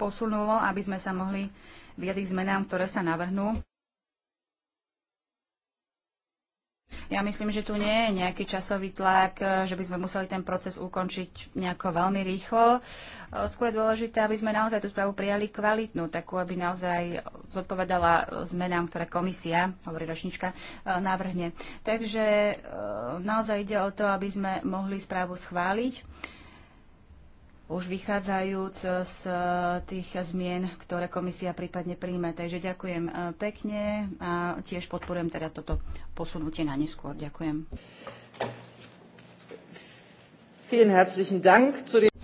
posunulo, aby sme sa mohli viedli k zmenám, ktoré sa navrhnú. Ja myslím, že tu nie je nejaký časový tlak, e, že by sme museli ten proces ukončiť nejako veľmi rýchlo. E, skôr je dôležité, aby sme naozaj tú správu prijali kvalitnú, takú, aby naozaj zodpovedala zmenám, ktoré komisia, hovorí ročnička, e, navrhne. Takže naozaj ide o to, aby sme mohli správu schváliť už vychádzajúc z eh, tých zmien, ktoré komisia prípadne príjme. Takže ďakujem eh, pekne a tiež podporujem teda toto posunutie na neskôr. Ďakujem.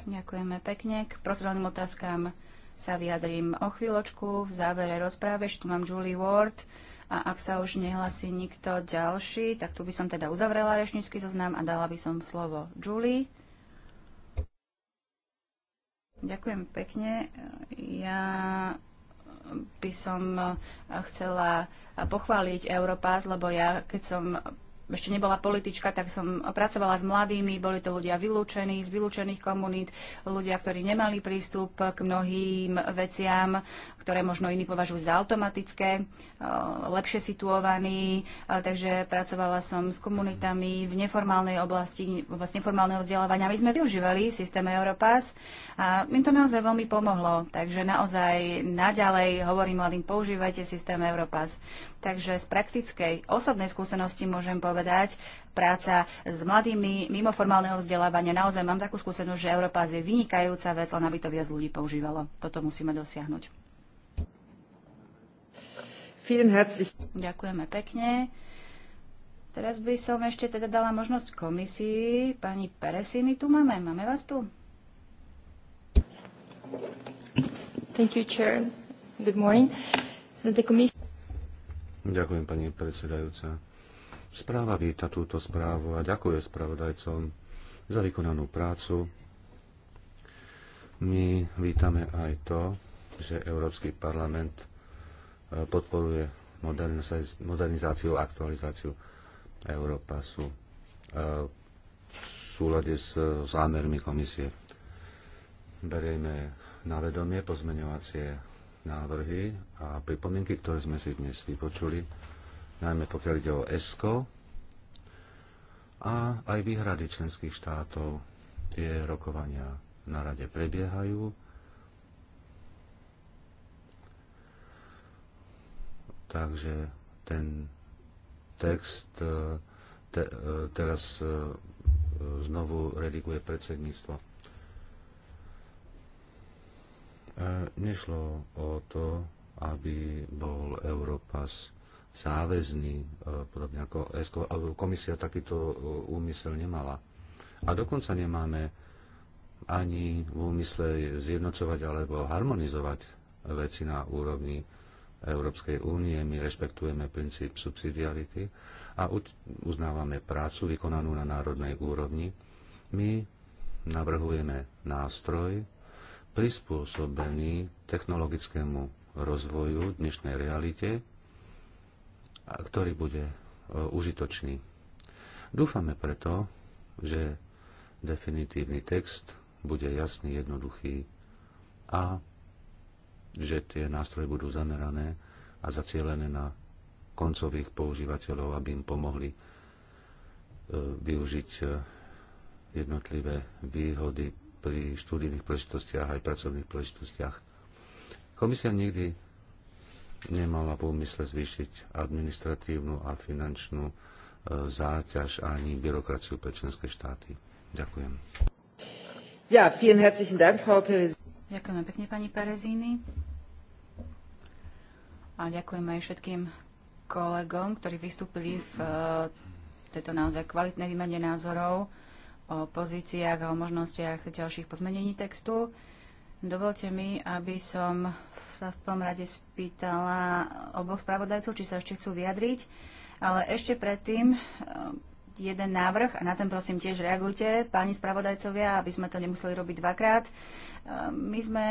Ďakujeme pekne. K procedurálnym otázkam sa vyjadrím o chvíľočku. V závere rozpráve, že tu mám Julie Ward a ak sa už nehlasí nikto ďalší, tak tu by som teda uzavrela rečnícky zoznam a dala by som slovo Julie. Ďakujem pekne. Ja by som chcela pochváliť Europass, lebo ja, keď som ešte nebola politička, tak som pracovala s mladými, boli to ľudia vylúčení, z vylúčených komunít, ľudia, ktorí nemali prístup k mnohým veciam, ktoré možno iní považujú za automatické, eh, lepšie situovaní, eh, takže pracovala som s komunitami v neformálnej oblasti, v oblasti neformálneho vzdelávania. My sme využívali systém Europass a im to naozaj veľmi pomohlo, takže naozaj naďalej hovorím mladým, používajte systém Europass. Takže z praktickej osobnej skúsenosti môžem povedať, povedať, práca s mladými mimo formálneho vzdelávania. Naozaj mám takú skúsenosť, že Európa je vynikajúca vec, len aby to viac ľudí používalo. Toto musíme dosiahnuť. Ďakujeme pekne. Teraz by som ešte teda dala možnosť komisii. Pani Peresiny tu máme. Máme vás tu? Thank you, Chair. Good morning. So the commission... Ďakujem, pani predsedajúca. Správa víta túto správu a ďakuje spravodajcom za vykonanú prácu. My vítame aj to, že Európsky parlament e, podporuje modernizáciu a aktualizáciu Európasu e, v súlade s e, zámermi komisie. Berieme na vedomie pozmeňovacie návrhy a pripomienky, ktoré sme si dnes vypočuli najmä pokiaľ ide o ESCO a aj výhrady členských štátov. Tie rokovania na rade prebiehajú. Takže ten text e, te, e, teraz e, znovu rediguje predsedníctvo. Nešlo o to, aby bol Európas záväzný, e, podobne ako komisia takýto e, úmysel nemala. A dokonca nemáme ani v úmysle zjednocovať alebo harmonizovať veci na úrovni Európskej únie. My rešpektujeme princíp subsidiarity a uznávame prácu vykonanú na národnej úrovni. My navrhujeme nástroj prispôsobený technologickému rozvoju dnešnej realite ktorý bude e, užitočný. Dúfame preto, že definitívny text bude jasný, jednoduchý a že tie nástroje budú zamerané a zacielené na koncových používateľov, aby im pomohli e, využiť e, jednotlivé výhody pri študijných príležitostiach aj pracovných príležitostiach. Komisia nikdy nemala v úmysle zvýšiť administratívnu a finančnú e, záťaž ani byrokraciu pre členské štáty. Ďakujem. Ja, vielen herzlichen Dank, Frau Perez. pekne, pani Perezíny. A ďakujem aj všetkým kolegom, ktorí vystúpili v e, tejto naozaj kvalitnej výmene názorov o pozíciách a o možnostiach ďalších pozmenení textu. Dovolte mi, aby som v sa v prvom rade spýtala oboch spravodajcov, či sa ešte chcú vyjadriť. Ale ešte predtým e, jeden návrh, a na ten prosím tiež reagujte, páni spravodajcovia, aby sme to nemuseli robiť dvakrát. E, my sme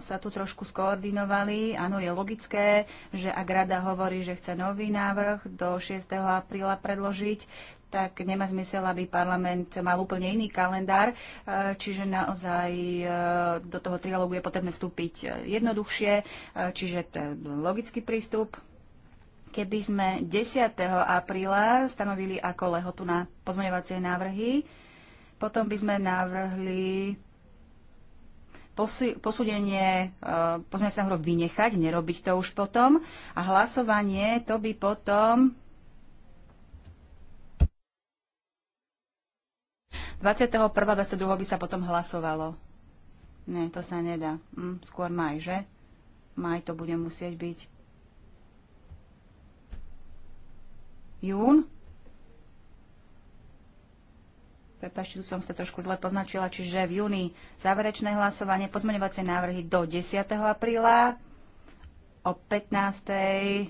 sa tu trošku skoordinovali. Áno, je logické, že ak rada hovorí, že chce nový návrh do 6. apríla predložiť, tak nemá zmysel, aby parlament mal úplne iný kalendár, e, čiže naozaj e, do toho trialógu je potrebné vstúpiť e, jednoduchšie, čiže to je logický prístup. Keby sme 10. apríla stanovili ako lehotu na pozmeňovacie návrhy, potom by sme navrhli posúdenie pozmeňovacieho návrhu vynechať, nerobiť to už potom a hlasovanie to by potom 21. 22. by sa potom hlasovalo. Nie, to sa nedá. Hm, skôr maj, že? Maj to bude musieť byť. Jún? Prepašte, tu som sa trošku zle poznačila, čiže v júni záverečné hlasovanie, pozmeňovacie návrhy do 10. apríla, o 15.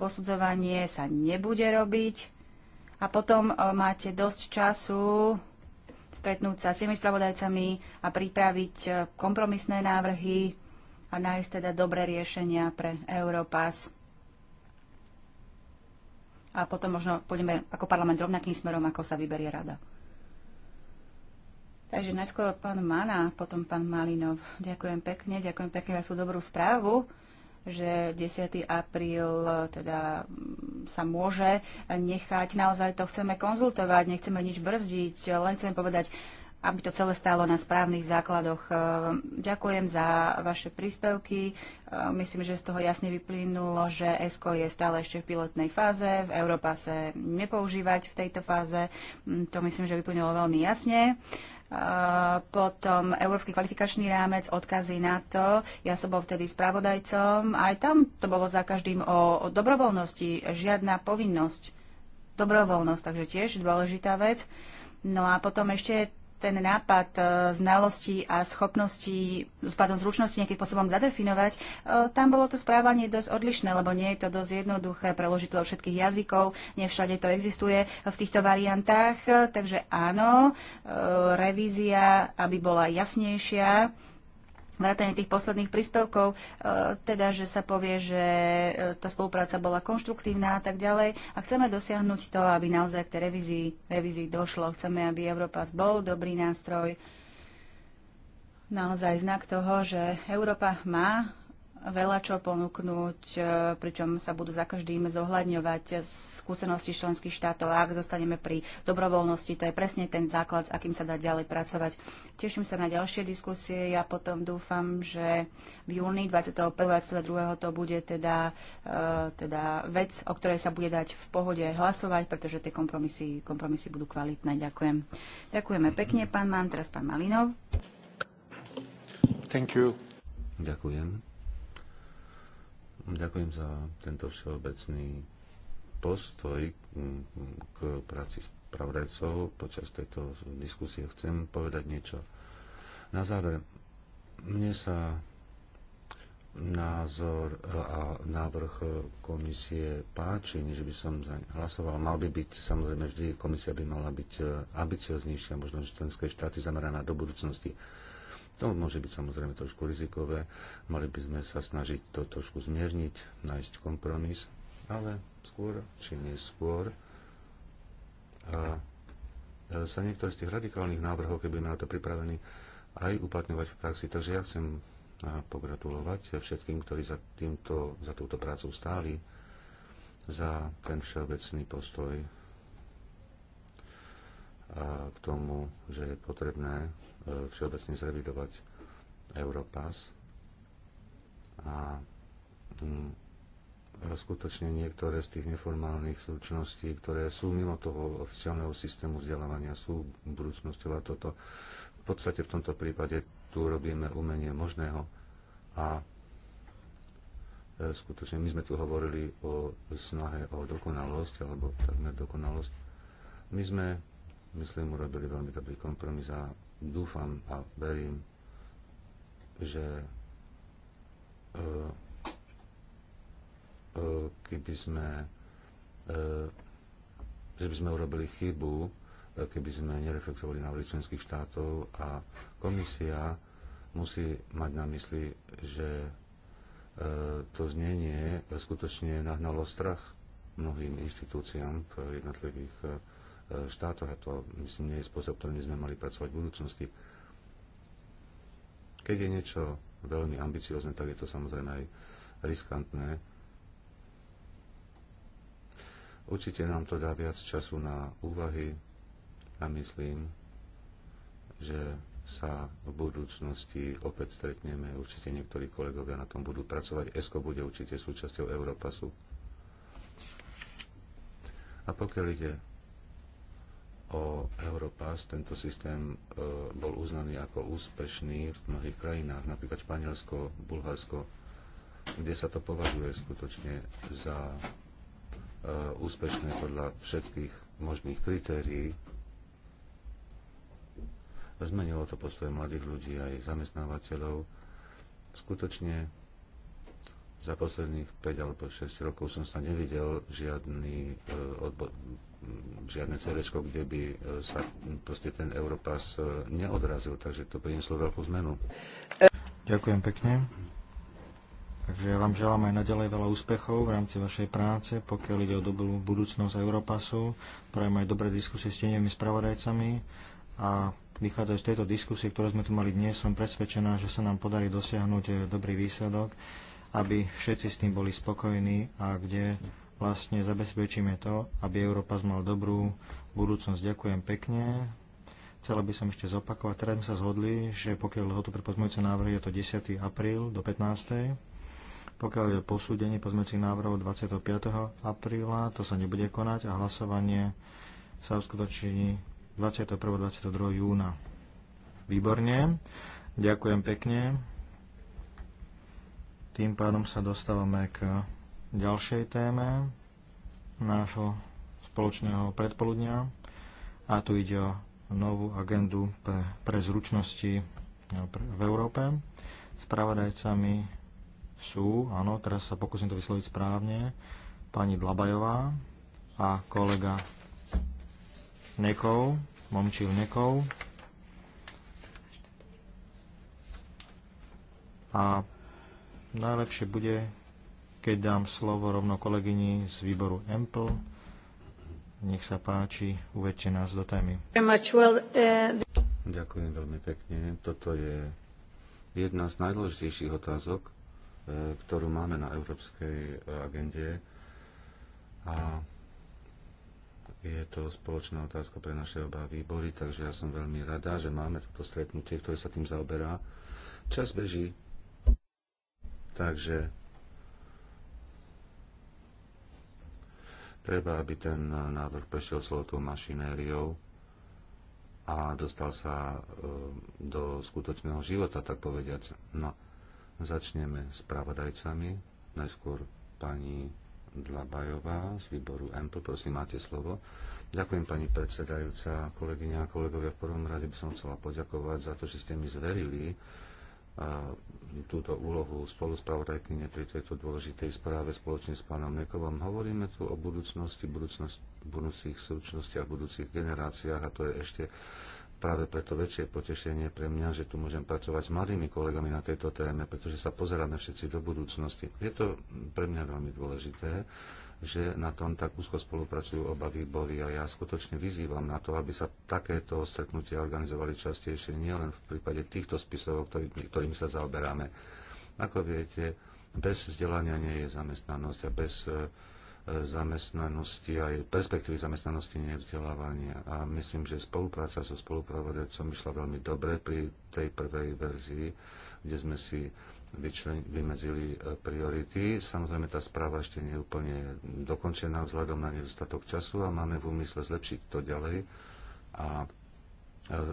posudzovanie sa nebude robiť a potom e, máte dosť času stretnúť sa s tými spravodajcami a pripraviť e, kompromisné návrhy a nájsť teda dobré riešenia pre Europass. A potom možno pôjdeme ako parlament rovnakým smerom, ako sa vyberie rada. Takže najskôr pán Mana, potom pán Malinov. Ďakujem pekne, ďakujem pekne za sú dobrú správu že 10. apríl e, teda mm, sa môže nechať. Naozaj to chceme konzultovať, nechceme nič brzdiť, len chceme povedať, aby to celé stálo na správnych základoch. E, ďakujem za vaše príspevky. E, myslím, že z toho jasne vyplynulo, že ESCO je stále ešte v pilotnej fáze, v Európa sa nepoužívať v tejto fáze. Mm, to myslím, že vyplynulo veľmi jasne. Eh, potom Európsky kvalifikačný rámec, odkazy na to. Ja som bol vtedy spravodajcom. Aj tam to bolo za každým o, o dobrovoľnosti, žiadna povinnosť. Dobrovoľnosť, takže tiež dôležitá vec. No a potom ešte ten nápad e, znalostí a schopností, pardon, zručnosti nejakým spôsobom zadefinovať, e, tam bolo to správanie dosť odlišné, lebo nie je to dosť jednoduché preložiť do všetkých jazykov, nie všade to existuje v týchto variantách, e, takže áno, revízia, aby bola jasnejšia, vrátane tých posledných príspevkov, e, teda, že sa povie, že e, tá spolupráca bola konštruktívna a tak ďalej. A chceme dosiahnuť to, aby naozaj k tej revízii, revízii došlo. Chceme, aby Európa bol dobrý nástroj, naozaj znak toho, že Európa má veľa čo ponúknuť, e, pričom sa budú za každým zohľadňovať skúsenosti členských štátov. A ak zostaneme pri dobrovoľnosti, to je presne ten základ, s akým sa dá ďalej pracovať. Teším sa na ďalšie diskusie. Ja potom dúfam, že v júni 21. to bude teda, e, teda vec, o ktorej sa bude dať v pohode hlasovať, pretože tie kompromisy, kompromisy budú kvalitné. Ďakujem. Ďakujeme pekne, pán Mann, teraz pán Malinov. Thank you. Ďakujem. Ďakujem za tento všeobecný postoj k práci spravodajcov počas tejto diskusie. Chcem povedať niečo. Na záver, mne sa názor a návrh komisie páči, než by som zaň hlasoval. Mal by byť, samozrejme, vždy komisia by mala byť eh, ambicioznejšia, možno, členské štáty zameraná do budúcnosti. To môže byť samozrejme trošku rizikové, mali by sme sa snažiť to trošku zmierniť, nájsť kompromis, ale skôr či neskôr a e, sa niektoré z tých radikálnych návrhov, keď sme na to pripravení, aj uplatňovať v praxi. Takže ja chcem pogratulovať všetkým, ktorí za, týmto, za túto prácu stáli, za ten všeobecný postoj k tomu, že je potrebné e, všeobecne zrevidovať Europass a mm, skutočne niektoré z tých neformálnych súčností, ktoré sú mimo toho oficiálneho systému vzdelávania, sú budúcnosťou a toto v podstate v tomto prípade tu robíme umenie možného a e, skutočne my sme tu hovorili o snahe o dokonalosť alebo takmer dokonalosť. My sme myslím, urobili veľmi dobrý kompromis a dúfam a verím, že e, e, keby sme e, že by sme urobili chybu, keby sme nereflektovali na členských štátov a komisia musí mať na mysli, že to znenie skutočne nahnalo strach mnohým inštitúciám v jednotlivých štátoch a to myslím nie je spôsob, ktorým sme mali pracovať v budúcnosti. Keď je niečo veľmi ambiciozne, tak je to samozrejme aj riskantné. Určite nám to dá viac času na úvahy a myslím, že sa v budúcnosti opäť stretneme. Určite niektorí kolegovia na tom budú pracovať. ESCO bude určite súčasťou Europasu. A pokiaľ ide o Europass. Tento systém e, bol uznaný ako úspešný v mnohých krajinách, napríklad Španielsko, Bulharsko, kde sa to považuje skutočne za e, úspešné podľa všetkých možných kritérií. Zmenilo to postoje mladých ľudí aj zamestnávateľov. Skutočne za posledných 5 alebo 6 rokov som sa nevidel žiadny e, odbo- žiadne CD, kde by e, sa proste ten Europass e, neodrazil, takže to prinieslo veľkú zmenu. Ďakujem pekne. Takže ja vám želám aj naďalej veľa úspechov v rámci vašej práce, pokiaľ ide o dobrú budúcnosť Europasu. Prajem aj dobré diskusie s tenými spravodajcami a vychádzajú z tejto diskusie, ktoré sme tu mali dnes, som presvedčená, že sa nám podarí dosiahnuť dobrý výsledok aby všetci s tým boli spokojní a kde vlastne zabezpečíme to, aby Európa mal dobrú budúcnosť. Ďakujem pekne. Chcela by som ešte zopakovať. Teraz sme sa zhodli, že pokiaľ lehotu pre pozmeňujúce návrhy je to 10. apríl do 15. Pokiaľ je posúdenie pozmeňujúcich návrhov 25. apríla, to sa nebude konať a hlasovanie sa uskutoční 21. 22. júna. Výborne. Ďakujem pekne. Tým pádom sa dostávame k ďalšej téme nášho spoločného predpoludnia a tu ide o novú agendu pre, pre zručnosti e, v Európe. Spravodajcami sú, áno, teraz sa pokúsim to vysloviť správne, pani Dlabajová a kolega Nekov, Momčil Nekov. A najlepšie bude, keď dám slovo rovno kolegyni z výboru EMPL. Nech sa páči, uvedte nás do témy. Uh, Ďakujem veľmi pekne. Toto je jedna z najdôležitejších otázok, uh, ktorú máme na európskej uh, agende. A je to spoločná otázka pre naše oba výbory, takže ja som veľmi rada, že máme toto stretnutie, ktoré sa tým zaoberá. Čas beží, Takže treba, aby ten návrh prešiel celou tou mašinériou a dostal sa e, do skutočného života, tak povediac. No, začneme s pravodajcami. Najskôr pani Dlabajová z výboru MP, Prosím, máte slovo. Ďakujem pani predsedajúca, kolegyňa a kolegovia. V prvom rade by som chcela poďakovať za to, že ste mi zverili túto úlohu spoluspravodajkyne pri tejto dôležitej správe spoločne s pánom Nekovom. Hovoríme tu o budúcnosti, budúcnosť, budúcich súčnostiach, budúcich generáciách a to je ešte práve preto väčšie potešenie pre mňa, že tu môžem pracovať s mladými kolegami na tejto téme, pretože sa pozeráme všetci do budúcnosti. Je to pre mňa veľmi dôležité že na tom tak úzko spolupracujú oba výbory a ja skutočne vyzývam na to, aby sa takéto stretnutia organizovali častejšie, nielen v prípade týchto spisov, ktorý, ktorým sa zaoberáme. Ako viete, bez vzdelania nie je zamestnanosť a bez e, e, zamestnanosti, aj perspektívy zamestnanosti nie je vzdelávanie. A myslím, že spolupráca so spolupravodajcom išla veľmi dobre pri tej prvej verzii, kde sme si vymedzili e, priority. Samozrejme, tá správa ešte nie je úplne dokončená vzhľadom na nedostatok času a máme v úmysle zlepšiť to ďalej. A e,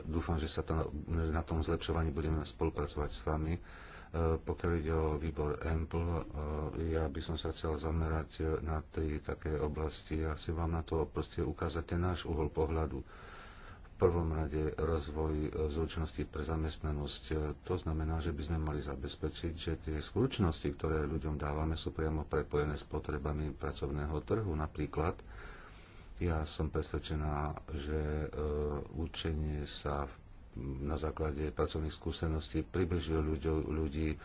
dúfam, že sa to, na tom zlepšovaní budeme spolupracovať s vami. E, pokiaľ ide o výbor EMPL, ja by som sa chcel zamerať na tri také oblasti a ja si vám na to proste ukázať ten náš uhol pohľadu prvom rade rozvoj e, zručností pre zamestnanosť. E, to znamená, že by sme mali zabezpečiť, že tie zručnosti, ktoré ľuďom dávame, sú priamo prepojené s potrebami pracovného trhu. Napríklad ja som presvedčená, že e, učenie sa na základe pracovných skúseností približuje ľudí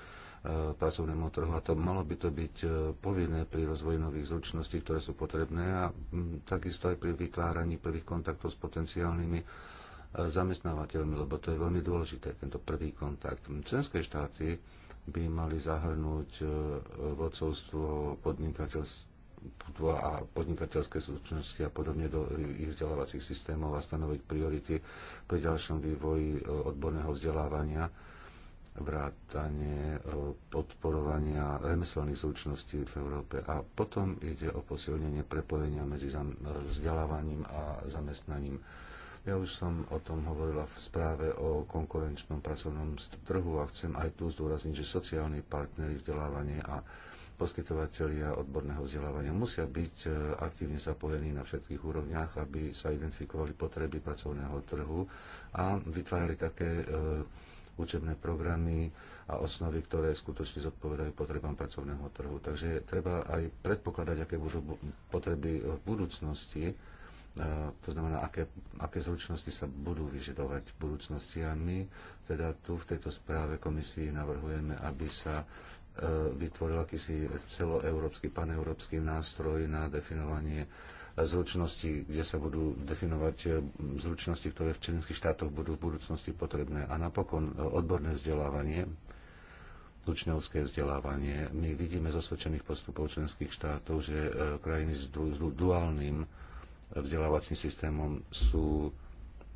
E, pracovnému trhu a to malo by to byť e, povinné pri rozvoji nových zručností, ktoré sú potrebné a takisto aj pri vytváraní prvých kontaktov s potenciálnymi e, zamestnávateľmi, lebo to je veľmi dôležité, tento prvý kontakt. Členské štáty by mali zahrnúť vodcovstvo podnikateľstvo a podnikateľské súčnosti a podobne do ich vzdelávacích systémov a stanoviť priority pri ďalšom vývoji odborného vzdelávania vrátanie e, podporovania remeselných zručností v Európe a potom ide o posilnenie prepojenia medzi e, vzdelávaním a zamestnaním. Ja už som o tom hovorila v správe o konkurenčnom pracovnom trhu a chcem aj tu zdôrazniť, že sociálni partnery vzdelávanie a poskytovateľia odborného vzdelávania musia byť e, aktívne zapojení na všetkých úrovniach, aby sa identifikovali potreby pracovného trhu a vytvárali také učebné programy a osnovy, ktoré skutočne zodpovedajú potrebám pracovného trhu. Takže treba aj predpokladať, aké budú potreby v budúcnosti, e, to znamená, aké, aké zručnosti sa budú vyžadovať v budúcnosti. A my teda tu v tejto správe komisii navrhujeme, aby sa e, vytvoril akýsi celoeurópsky, paneurópsky nástroj na definovanie zručnosti, kde sa budú definovať eh, zručnosti, ktoré v členských štátoch budú v budúcnosti potrebné. A napokon eh, odborné vzdelávanie, učňovské vzdelávanie. My vidíme zo svedčených postupov členských štátov, že eh, krajiny s duálnym vzdelávacím systémom sú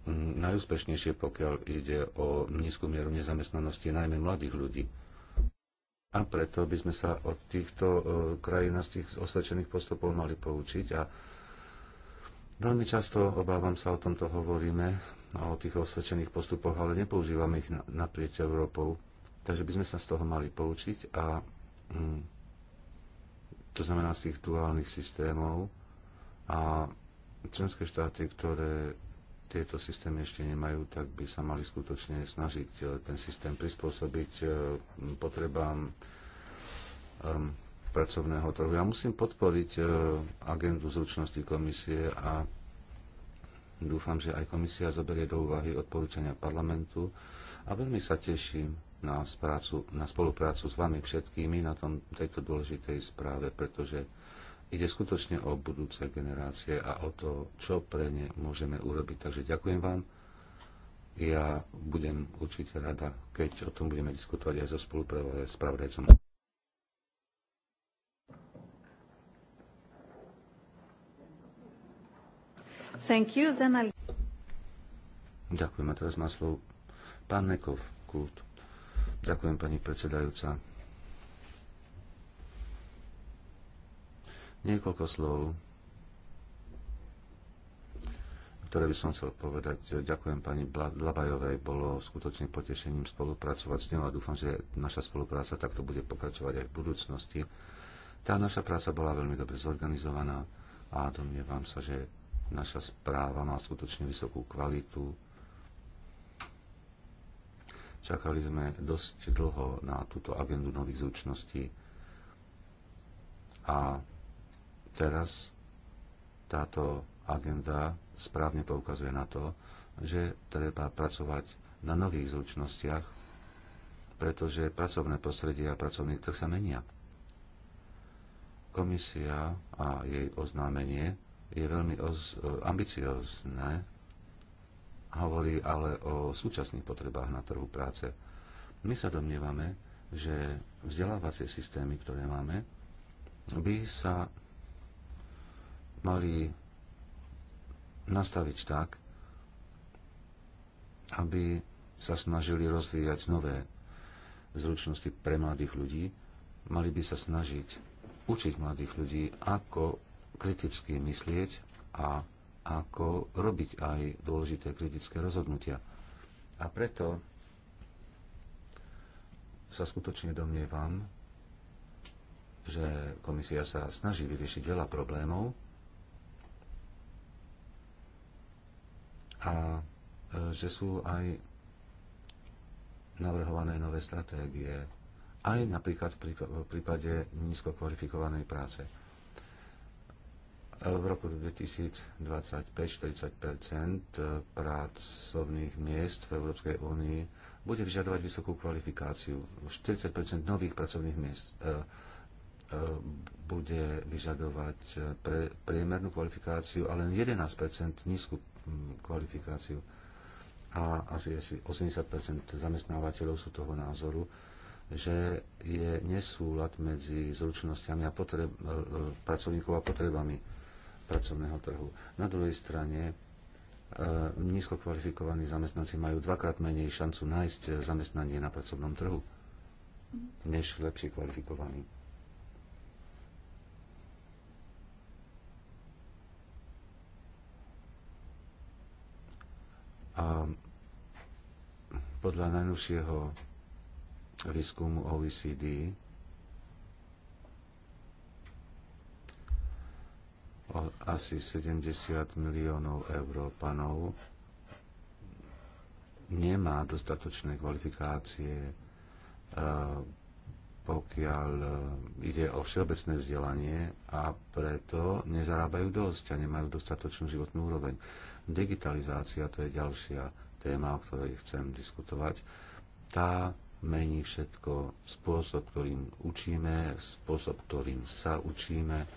mm, najúspešnejšie, pokiaľ ide o nízku mieru nezamestnanosti, najmä mladých ľudí. A preto by sme sa od týchto krajín z tých osvedčených postupov mali poučiť a Veľmi často, obávam sa, o tomto hovoríme, o tých osvedčených postupoch, ale nepoužívame ich naprieč Európou. Takže by sme sa z toho mali poučiť a mm, to znamená z tých duálnych systémov a členské štáty, ktoré tieto systémy ešte nemajú, tak by sa mali skutočne snažiť eh, ten systém prispôsobiť eh, potrebám ehm, pracovného trhu. Ja musím podporiť e, agendu zručnosti komisie a dúfam, že aj komisia zoberie do úvahy odporúčania parlamentu a veľmi sa teším na, sprácu, na spoluprácu s vami všetkými na tom, tejto dôležitej správe, pretože ide skutočne o budúce generácie a o to, čo pre ne môžeme urobiť. Takže ďakujem vám. Ja budem určite rada, keď o tom budeme diskutovať aj so spolupravodajcom. Thank you, then I'll... Ďakujem. A teraz má slovo pán Nekov, kult. Ďakujem, pani predsedajúca. Niekoľko slov, ktoré by som chcel povedať. Ďakujem pani Labajovej, bolo skutočne potešením spolupracovať s ňou a dúfam, že naša spolupráca takto bude pokračovať aj v budúcnosti. Tá naša práca bola veľmi dobre zorganizovaná a domnievam sa, že Naša správa má skutočne vysokú kvalitu. Čakali sme dosť dlho na túto agendu nových zručností a teraz táto agenda správne poukazuje na to, že treba pracovať na nových zručnostiach, pretože pracovné prostredie a pracovný trh sa menia. Komisia a jej oznámenie je veľmi oz, e, ambiciózne, hovorí ale o súčasných potrebách na trhu práce. My sa domnievame, že vzdelávacie systémy, ktoré máme, by sa mali nastaviť tak, aby sa snažili rozvíjať nové zručnosti pre mladých ľudí, mali by sa snažiť učiť mladých ľudí, ako kriticky myslieť a ako robiť aj dôležité kritické rozhodnutia. A preto sa skutočne domnievam, že komisia sa snaží vyriešiť veľa problémov a e, že sú aj navrhované nové stratégie, aj napríklad v prípade nízko kvalifikovanej práce v roku 2025 40 e, pracovných miest v Európskej únii bude vyžadovať vysokú kvalifikáciu. 40 nových pracovných miest e, e, bude vyžadovať pre, priemernú kvalifikáciu a len 11 nízku kvalifikáciu. A asi 80 zamestnávateľov sú toho názoru, že je nesúlad medzi zručnosťami a potreb, pracovníkov a potrebami pracovného trhu. Na druhej strane e, nízko kvalifikovaní zamestnanci majú dvakrát menej šancu nájsť e, zamestnanie na pracovnom trhu než lepšie kvalifikovaní. A podľa najnovšieho výskumu OECD asi 70 miliónov Európanov nemá dostatočné kvalifikácie, e, pokiaľ e, ide o všeobecné vzdelanie a preto nezarábajú dosť a nemajú dostatočnú životnú úroveň. Digitalizácia to je ďalšia téma, o ktorej chcem diskutovať. Tá mení všetko, spôsob, ktorým učíme, spôsob, ktorým sa učíme,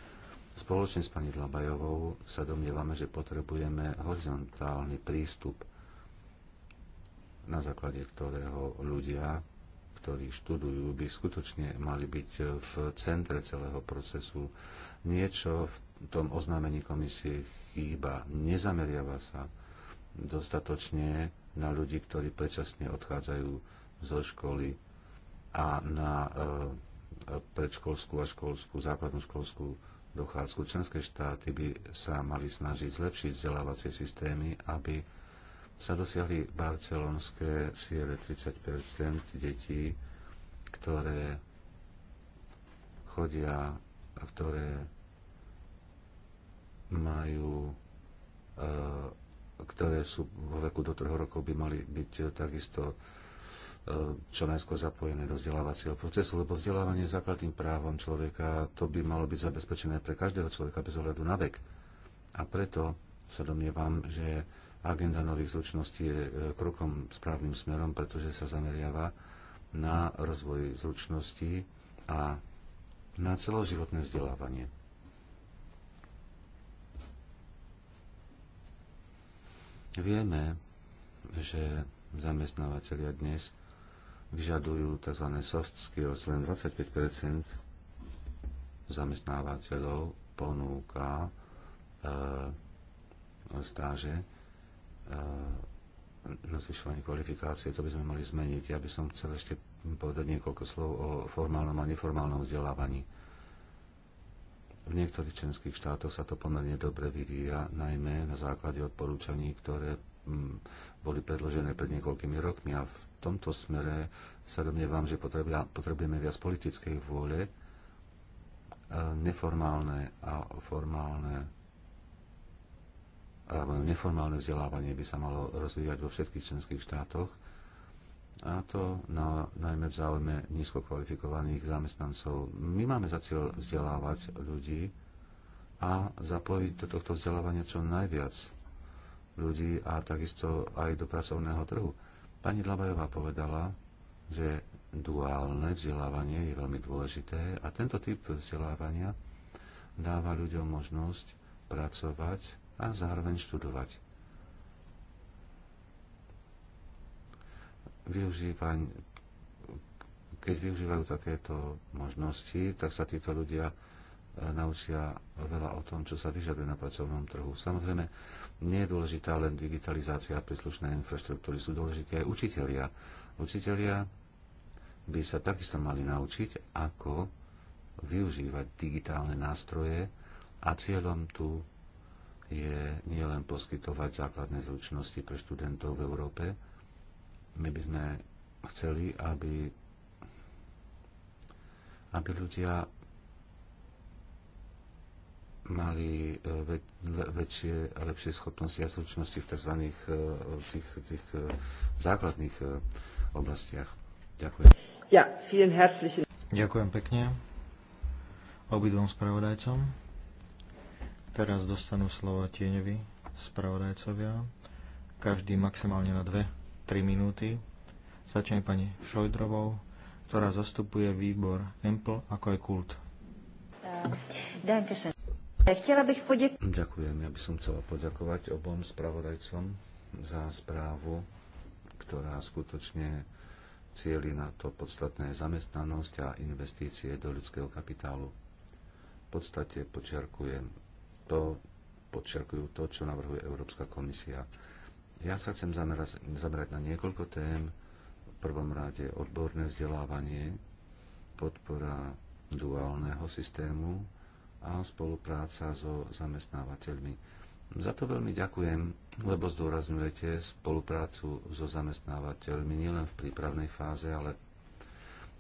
Spoločne s pani Dlabajovou sa domnievame, že potrebujeme horizontálny prístup, na základe ktorého ľudia, ktorí študujú, by skutočne mali byť v centre celého procesu. Niečo v tom oznámení komisie chýba, nezameriava sa dostatočne na ľudí, ktorí predčasne odchádzajú zo školy a na eh, predškolskú a školskú, základnú školskú dochádzku. Členské štáty by sa mali snažiť zlepšiť vzdelávacie systémy, aby sa dosiahli barcelonské ciele 30 detí, ktoré chodia, a ktoré majú, e, ktoré sú vo veku do 3 rokov, by mali byť takisto E, čo najskôr zapojené do vzdelávacieho procesu, lebo vzdelávanie je základným právom človeka, to by malo byť zabezpečené pre každého človeka bez ohľadu na vek. A preto sa domnievam, že agenda nových zručností je e, krokom správnym smerom, pretože sa zameriava na rozvoj zručností a na celoživotné vzdelávanie. Vieme, že zamestnávateľia dnes vyžadujú tzv. soft skills. Len 25 zamestnávateľov ponúka e, stáže e, na zvyšovanie kvalifikácie. To by sme mali zmeniť. Ja by som chcel ešte povedať niekoľko slov o formálnom a neformálnom vzdelávaní. V niektorých členských štátoch sa to pomerne dobre vyvíja, najmä na základe odporúčaní, ktoré mm, boli predložené pred niekoľkými rokmi a v tomto smere sa domnievam, že potrebujeme viac politickej vôle, e, neformálne a formálne alebo neformálne vzdelávanie by sa malo rozvíjať vo všetkých členských štátoch a to na, najmä v záujme nízko kvalifikovaných zamestnancov. My máme za cieľ vzdelávať ľudí a zapojiť do tohto vzdelávania čo najviac ľudí a takisto aj do pracovného trhu. Pani Dlabajová povedala, že duálne vzdelávanie je veľmi dôležité a tento typ vzdelávania dáva ľuďom možnosť pracovať a zároveň študovať. Využívaň, keď využívajú takéto možnosti, tak sa títo ľudia eh, naučia veľa o tom, čo sa vyžaduje na pracovnom trhu. Samozrejme, nie je dôležitá len digitalizácia a príslušné infraštruktúry, sú dôležité aj učitelia. Učitelia by sa takisto mali naučiť, ako využívať digitálne nástroje a cieľom tu je nielen poskytovať základné zručnosti pre študentov v Európe, my by sme chceli, aby, aby ľudia mali e, väč, väčšie a lepšie schopnosti a zručnosti v tzv. E, e, tých, tých základných oblastiach. Ďakujem. Ja, vielen herzlichen. Ďakujem pekne obidvom spravodajcom. Teraz dostanú slovo tieňovi spravodajcovia. Každý maximálne na 2-3 minúty. Začne pani Šojdrovou, ktorá zastupuje výbor EMPL ako aj KULT. Ďakujem bych Ďakujem, ja by som chcela poďakovať obom spravodajcom za správu, ktorá skutočne cieľi na to podstatné zamestnanosť a investície do ľudského kapitálu. V podstate počiarkujem to, počiarkujú to, čo navrhuje Európska komisia. Ja sa chcem zamerať, zamerať na niekoľko tém. V prvom rade odborné vzdelávanie, podpora duálneho systému, a spolupráca so zamestnávateľmi. Za to veľmi ďakujem, lebo zdôrazňujete spoluprácu so zamestnávateľmi nielen v prípravnej fáze, ale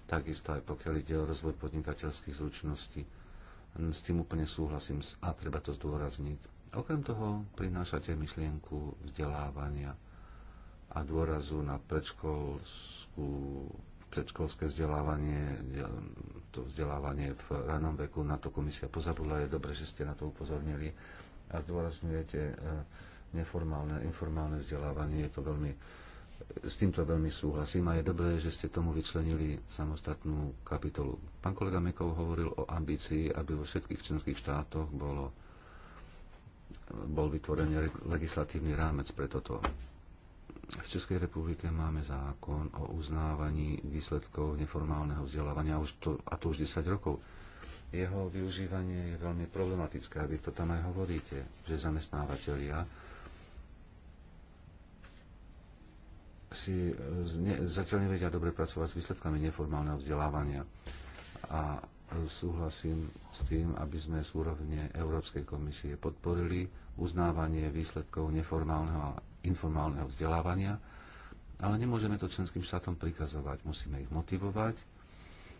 takisto aj pokiaľ ide o rozvoj podnikateľských zručností. S tým úplne súhlasím a treba to zdôrazniť. Okrem toho prinášate myšlienku vzdelávania a dôrazu na predškolskú predškolské vzdelávanie, to vzdelávanie v ranom veku, na to komisia pozabudla, je dobre, že ste na to upozornili a zdôrazňujete e, neformálne, informálne vzdelávanie, je to veľmi s týmto veľmi súhlasím a je dobré, že ste tomu vyčlenili samostatnú kapitolu. Pán kolega Mekov hovoril o ambícii, aby vo všetkých členských štátoch bolo, bol vytvorený legislatívny rámec pre toto v Českej republike máme zákon o uznávaní výsledkov neformálneho vzdelávania už to, a to už 10 rokov. Jeho využívanie je veľmi problematické a vy to tam aj hovoríte, že zamestnávateľia si e, ne, zatiaľ nevedia dobre pracovať s výsledkami neformálneho vzdelávania. A e, súhlasím s tým, aby sme z úrovne Európskej komisie podporili uznávanie výsledkov neformálneho a informálneho vzdelávania, ale nemôžeme to členským štátom prikazovať. Musíme ich motivovať,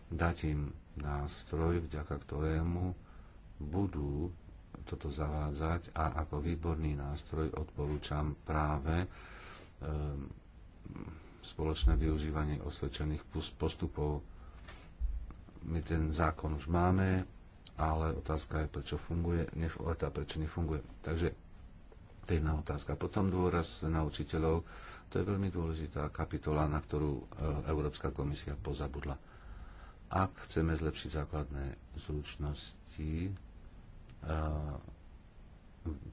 dať im nástroj, vďaka ktorému budú toto zavádzať a ako výborný nástroj odporúčam práve e, spoločné využívanie osvedčených postupov. My ten zákon už máme, ale otázka je, prečo funguje, nef- prečo nefunguje. Takže to je jedna otázka. Potom dôraz na učiteľov. To je veľmi dôležitá kapitola, na ktorú e, Európska komisia pozabudla. Ak chceme zlepšiť základné zručnosti, e,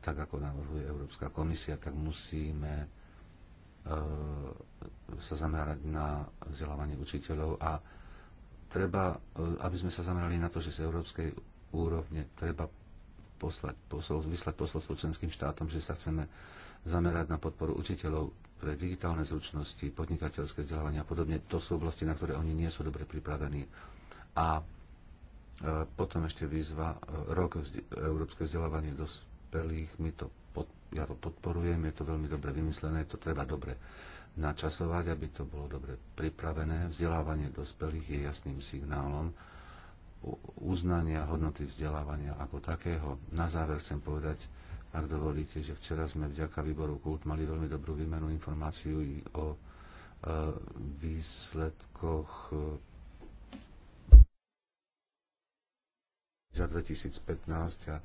tak ako navrhuje Európska komisia, tak musíme e, sa zamerať na vzdelávanie učiteľov a treba, aby sme sa zamerali na to, že z európskej úrovne treba poslať, posol, vyslať posolstvo členským štátom, že sa chceme zamerať na podporu učiteľov pre digitálne zručnosti, podnikateľské vzdelávanie a podobne. To sú oblasti, na ktoré oni nie sú dobre pripravení. A e, potom ešte výzva e, rok vzde, európske vzdelávanie dospelých. My to pod, ja to podporujem, je to veľmi dobre vymyslené, to treba dobre načasovať, aby to bolo dobre pripravené. Vzdelávanie dospelých je jasným signálom, uznania hodnoty vzdelávania ako takého. Na záver chcem povedať, ak dovolíte, že včera sme vďaka výboru Kult mali veľmi dobrú výmenu informáciu o e, výsledkoch e, za 2015 a e,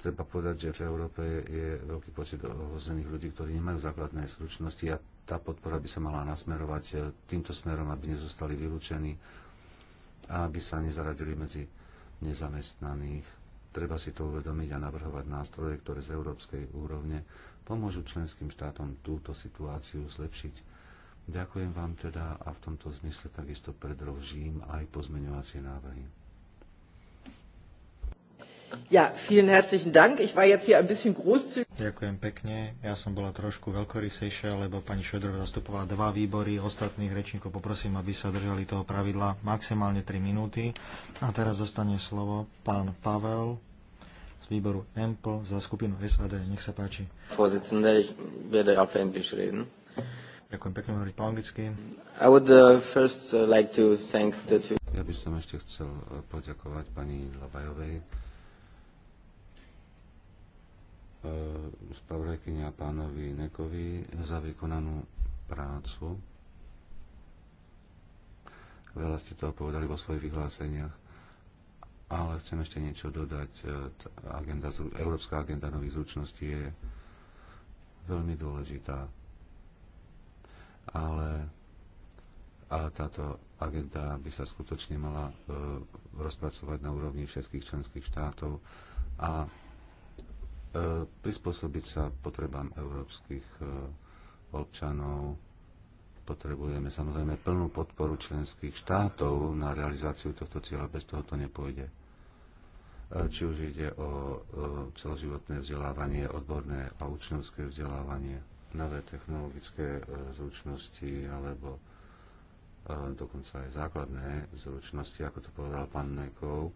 treba povedať, že v Európe je veľký počet ohrozených ľudí, ktorí nemajú základné stručnosti a tá podpora by sa mala nasmerovať e, týmto smerom, aby nezostali vylúčení a aby sa nezaradili medzi nezamestnaných. Treba si to uvedomiť a navrhovať nástroje, ktoré z európskej úrovne pomôžu členským štátom túto situáciu zlepšiť. Ďakujem vám teda a v tomto zmysle takisto predložím aj pozmeňovacie návrhy. Ja, vielen herzlichen Dank. Ich war jetzt hier ein bisschen großzügig. Ďakujem pekne. Ja som bola trošku veľkorysejšia, lebo pani Šedrova zastupovala dva výbory. Ostatných rečníkov poprosím, aby sa držali toho pravidla maximálne 3 minúty. A teraz zostane slovo pán Pavel z výboru EMPL za skupinu SAD. Nech sa páči. Er Ďakujem pekne, hovoriť po anglicky. I would uh, first uh, like to thank the two... Ja by som ešte chcel uh, poďakovať pani Labajovej E, spravodajkyni pánovi Nekovi za vykonanú prácu. Veľa ste toho povedali vo svojich vyhláseniach, ale chcem ešte niečo dodať. E, agenda, Európska agenda nových zručností je veľmi dôležitá, ale a táto agenda by sa skutočne mala e, rozpracovať na úrovni všetkých členských štátov a E, prispôsobiť sa potrebám európskych e, občanov. Potrebujeme samozrejme plnú podporu členských štátov na realizáciu tohto cieľa. Bez toho to nepôjde. E, či už ide o celoživotné vzdelávanie, odborné a učňovské vzdelávanie, nové technologické zručnosti alebo dokonca aj základné zručnosti, ako to povedal pán Nekov.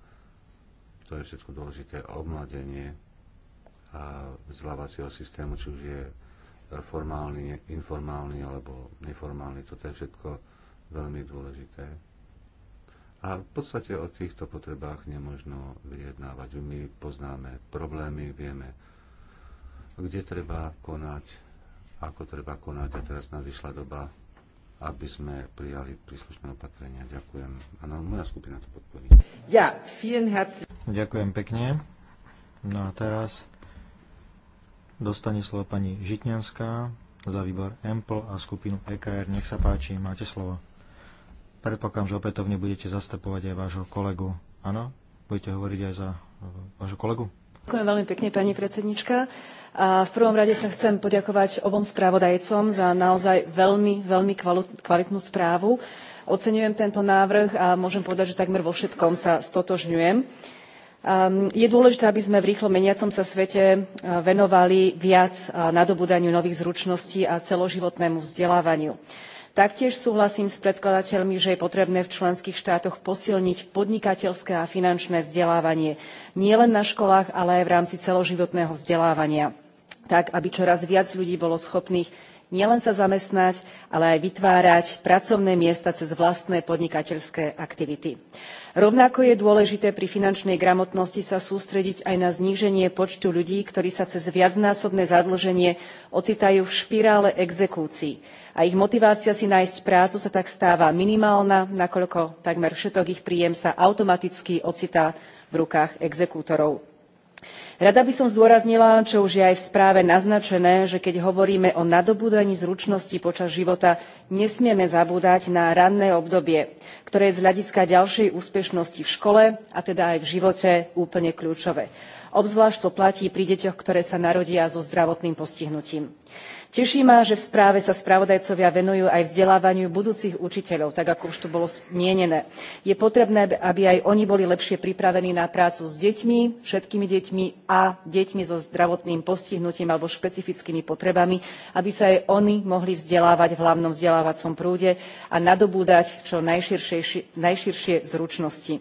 To je všetko dôležité. Obmladenie vzdelávacieho systému, či už je formálny, informálny alebo neformálny. Toto je všetko veľmi dôležité. A v podstate o týchto potrebách nemožno vyjednávať. My poznáme problémy, vieme, kde treba konať, ako treba konať a teraz nadišla doba, aby sme prijali príslušné opatrenia. Ďakujem. Áno, moja skupina to podporí. Ja, vielen herzlich. Ďakujem pekne. No a teraz Dostane slovo pani Žitňanská za výbor EMPL a skupinu EKR. Nech sa páči, máte slovo. Predpokladám, že opätovne budete zastupovať aj vášho kolegu. Áno? Budete hovoriť aj za eh, vášho kolegu? Ďakujem veľmi pekne, pani predsednička. A v prvom rade sa chcem poďakovať obom správodajcom za naozaj veľmi, veľmi kvalitnú správu. Oceňujem tento návrh a môžem povedať, že takmer vo všetkom sa stotožňujem Um, je dôležité, aby sme v rýchlo meniacom sa svete uh, venovali viac uh, nadobúdaniu nových zručností a celoživotnému vzdelávaniu. Taktiež súhlasím s predkladateľmi, že je potrebné v členských štátoch posilniť podnikateľské a finančné vzdelávanie nielen na školách, ale aj v rámci celoživotného vzdelávania tak aby čoraz viac ľudí bolo schopných nielen sa zamestnať, ale aj vytvárať pracovné miesta cez vlastné podnikateľské aktivity. Rovnako je dôležité pri finančnej gramotnosti sa sústrediť aj na zníženie počtu ľudí, ktorí sa cez viacnásobné zadlženie ocitajú v špirále exekúcií a ich motivácia si nájsť prácu sa tak stáva minimálna, nakoľko takmer všetok ich príjem sa automaticky ocitá v rukách exekútorov Rada by som zdôraznila, čo už je aj v správe naznačené, že keď hovoríme o nadobúdaní zručnosti počas života, nesmieme zabúdať na ranné obdobie, ktoré je z hľadiska ďalšej úspešnosti v škole, a teda aj v živote, úplne kľúčové. Obzvlášť to platí pri deťoch, ktoré sa narodia so zdravotným postihnutím Teší ma, že v správe sa spravodajcovia venujú aj vzdelávaniu budúcich učiteľov, tak ako už tu bolo zmienené. Je potrebné, aby aj oni boli lepšie pripravení na prácu s deťmi, všetkými deťmi a deťmi so zdravotným postihnutím alebo špecifickými potrebami, aby sa aj oni mohli vzdelávať v hlavnom vzdelávacom prúde a nadobúdať čo najširšie zručnosti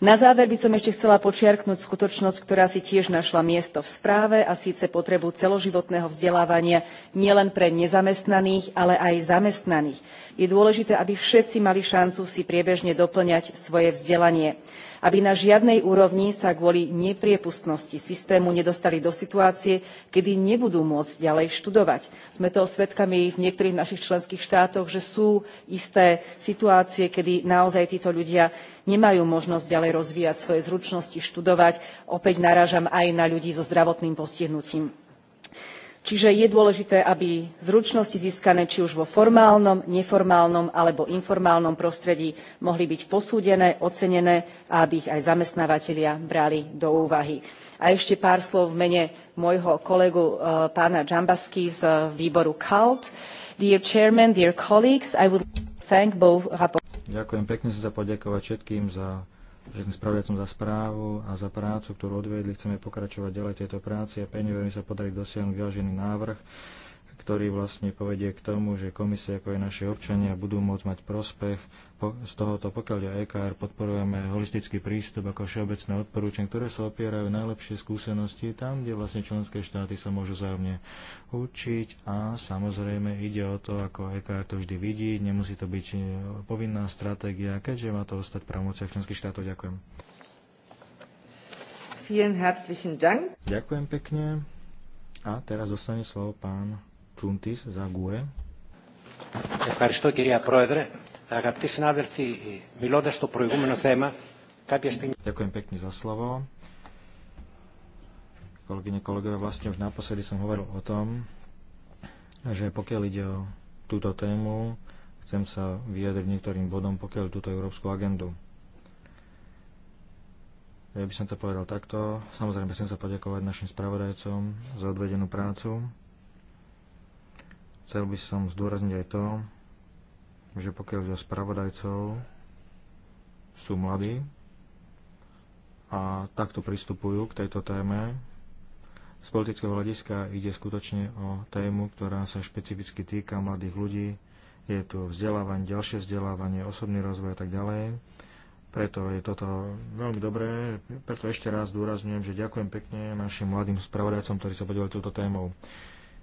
na záver by som ešte chcela počiarknúť skutočnosť, ktorá si tiež našla miesto v správe a síce potrebu celoživotného vzdelávania nielen pre nezamestnaných, ale aj zamestnaných. Je dôležité, aby všetci mali šancu si priebežne doplňať svoje vzdelanie aby na žiadnej úrovni sa kvôli nepriepustnosti systému nedostali do situácie kedy nebudú môcť ďalej študovať. sme toho svedkami v niektorých našich členských štátoch že sú isté situácie kedy naozaj títo ľudia nemajú možnosť ďalej rozvíjať svoje zručnosti študovať opäť narážam aj na ľudí so zdravotným postihnutím Čiže je dôležité, aby zručnosti získané či už vo formálnom, neformálnom alebo informálnom prostredí mohli byť posúdené, ocenené a aby ich aj zamestnávatelia brali do úvahy. A ešte pár slov v mene môjho kolegu eh, pána Džambasky z eh, výboru CALT. Dear Chairman, dear colleagues, I would thank both Ďakujem pekne sa poďakovať všetkým za všetkým spravodajcom za správu a za prácu, ktorú odvedli. Chceme pokračovať ďalej tejto práci a pevne veľmi sa podarí dosiahnuť vyvážený návrh, ktorý vlastne povedie k tomu, že komisie ako aj naši občania budú môcť mať prospech z tohoto, pokiaľ ja EKR, podporujeme holistický prístup ako všeobecné odporúčanie, ktoré sa opierajú najlepšie skúsenosti tam, kde vlastne členské štáty sa môžu zájomne učiť a samozrejme ide o to, ako EKR to vždy vidí, nemusí to byť e, povinná stratégia, keďže má to ostať pravomocia členských štátov. Ďakujem. Vielen herzlichen Dank. Ďakujem pekne. A teraz dostane slovo pán E. Ευχαριστώ κυρία Πρόεδρε. Αγαπητοί συνάδελφοι, μιλώντας στο προηγούμενο θέμα, κάποια στιγμή... Ďakujem pekne za slovo. Kolegyne, kolegové, vlastne už naposledy som hovoril o tom, že pokiaľ ide o túto tému, chcem sa vyjadriť niektorým bodom, pokiaľ túto európsku agendu. Ja by som to povedal takto. Samozrejme chcem sa poďakovať našim spravodajcom za odvedenú prácu. Chcel by som zdôrazniť aj to, že pokiaľ ľudia spravodajcov, sú mladí a takto pristupujú k tejto téme. Z politického hľadiska ide skutočne o tému, ktorá sa špecificky týka mladých ľudí. Je tu vzdelávanie, ďalšie vzdelávanie, osobný rozvoj a tak ďalej. Preto je toto veľmi dobré. Preto ešte raz dôrazňujem, že ďakujem pekne našim mladým spravodajcom, ktorí sa podelili túto témou.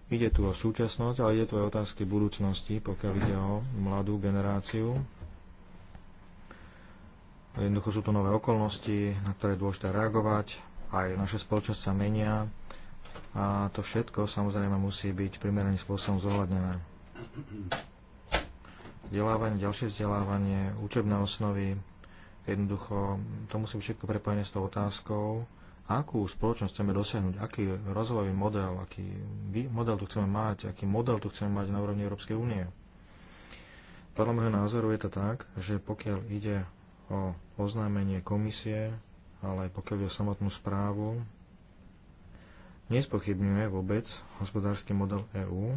Ide tu o súčasnosť, ale ide tu aj otázky budúcnosti, pokiaľ ide o mladú generáciu. Jednoducho sú to nové okolnosti, na ktoré je dôležité reagovať, aj naše spoločnosť sa menia a to všetko samozrejme musí byť primeraným spôsobom zohľadnené. Vzdelávanie, ďalšie vzdelávanie, učebné osnovy, jednoducho to musí byť všetko prepojené s tou otázkou, akú spoločnosť chceme dosiahnuť, aký rozvojový model, aký model tu chceme mať, aký model tu chceme mať na úrovni Európskej únie. Podľa môjho názoru je to tak, že pokiaľ ide o oznámenie komisie, ale aj pokiaľ ide o samotnú správu, nespochybňuje vôbec hospodársky model EÚ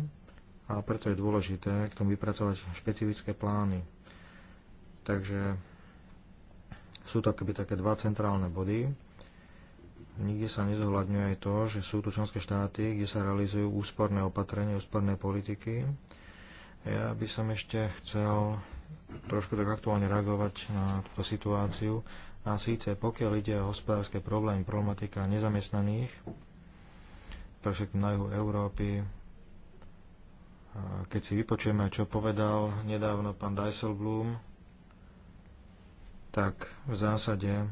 a preto je dôležité k tomu vypracovať špecifické plány. Takže sú to akoby také dva centrálne body, nikde sa nezohľadňuje aj to, že sú tu členské štáty, kde sa realizujú úsporné opatrenia, úsporné politiky. Ja by som ešte chcel trošku tak aktuálne reagovať na túto situáciu. A síce pokiaľ ide o hospodárske problémy, problematika nezamestnaných, pre všetkým na juhu Európy, keď si vypočujeme, čo povedal nedávno pán Dijsselbloom, tak v zásade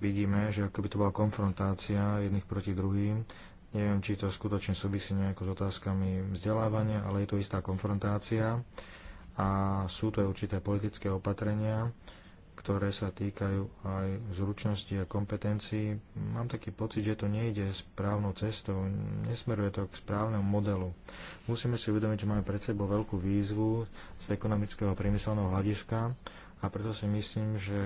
vidíme, že ako by to bola konfrontácia jedných proti druhým. Neviem, či to skutočne súvisí nejako s otázkami vzdelávania, ale je to istá konfrontácia a sú to aj určité politické opatrenia, ktoré sa týkajú aj zručnosti a kompetencií. Mám taký pocit, že to nejde správnou cestou, nesmeruje to k správnemu modelu. Musíme si uvedomiť, že máme pred sebou veľkú výzvu z ekonomického a priemyselného hľadiska a preto si myslím, že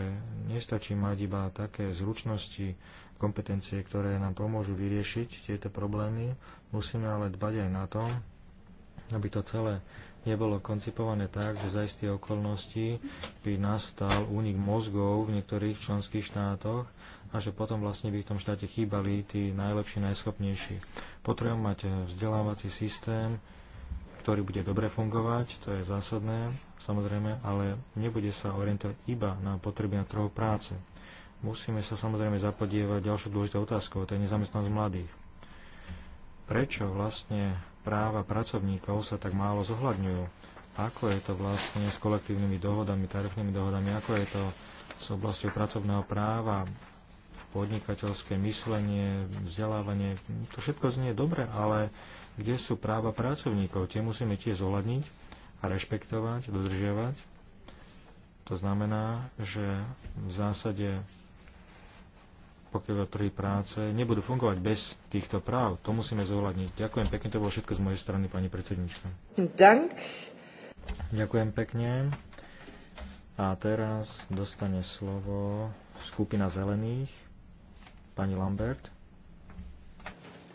nestačí mať iba také zručnosti, kompetencie, ktoré nám pomôžu vyriešiť tieto problémy. Musíme ale dbať aj na to, aby to celé nebolo koncipované tak, že za isté okolnosti by nastal únik mozgov v niektorých členských štátoch a že potom vlastne by v tom štáte chýbali tí najlepší, najschopnejší. Potrebujeme mať vzdelávací systém, ktorý bude dobre fungovať, to je zásadné, samozrejme, ale nebude sa orientovať iba na potreby na trhu práce. Musíme sa samozrejme zapodievať ďalšou dôležitou otázkou, to je nezamestnanosť mladých. Prečo vlastne práva pracovníkov sa tak málo zohľadňujú? Ako je to vlastne s kolektívnymi dohodami, tarifnými dohodami, ako je to s oblasťou pracovného práva, podnikateľské myslenie, vzdelávanie, to všetko znie dobre, ale kde sú práva pracovníkov. Tie musíme tiež zohľadniť a rešpektovať, dodržiavať. To znamená, že v zásade pokiaľ trhy práce nebudú fungovať bez týchto práv. To musíme zohľadniť. Ďakujem pekne, to bolo všetko z mojej strany, pani predsednička. Dank. Ďakujem pekne. A teraz dostane slovo skupina zelených, pani Lambert.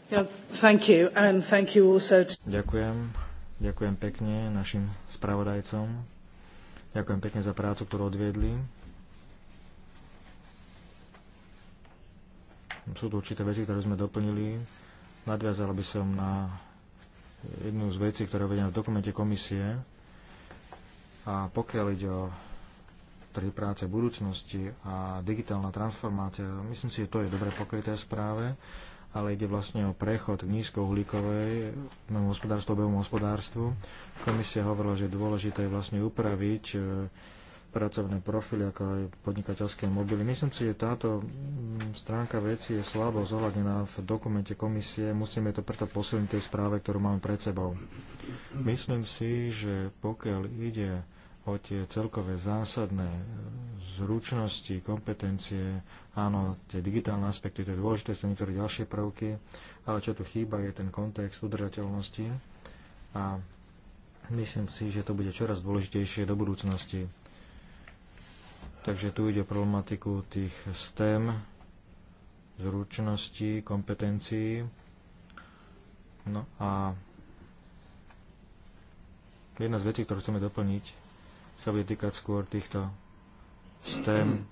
Ďakujem. Ďakujem pekne našim spravodajcom. Ďakujem pekne za prácu, ktorú odviedli. Sú tu určité veci, ktoré sme doplnili. Nadviazal by som na jednu z vecí, ktoré je v dokumente komisie. A pokiaľ ide o trhy práce budúcnosti a digitálna transformácia, myslím si, že to je dobre pokryté v správe ale ide vlastne o prechod k nízkouhlíkovej hospodárstvu, obehovom hospodárstvu. Komisia hovorila, že dôležité je vlastne upraviť e, pracovné profily, ako aj podnikateľské mobily. Myslím si, že táto mm, stránka veci je slabo zohľadnená v dokumente komisie. Musíme to preto posilniť tej správe, ktorú máme pred sebou. Myslím si, že pokiaľ ide o tie celkové zásadné e, zručnosti, kompetencie, áno, tie digitálne aspekty, to je dôležité, sú niektoré ďalšie prvky, ale čo tu chýba je ten kontext udržateľnosti a myslím si, že to bude čoraz dôležitejšie do budúcnosti. Takže tu ide o problematiku tých STEM, zručností, kompetencií. No a jedna z vecí, ktorú chceme doplniť, sa bude týkať skôr týchto STEM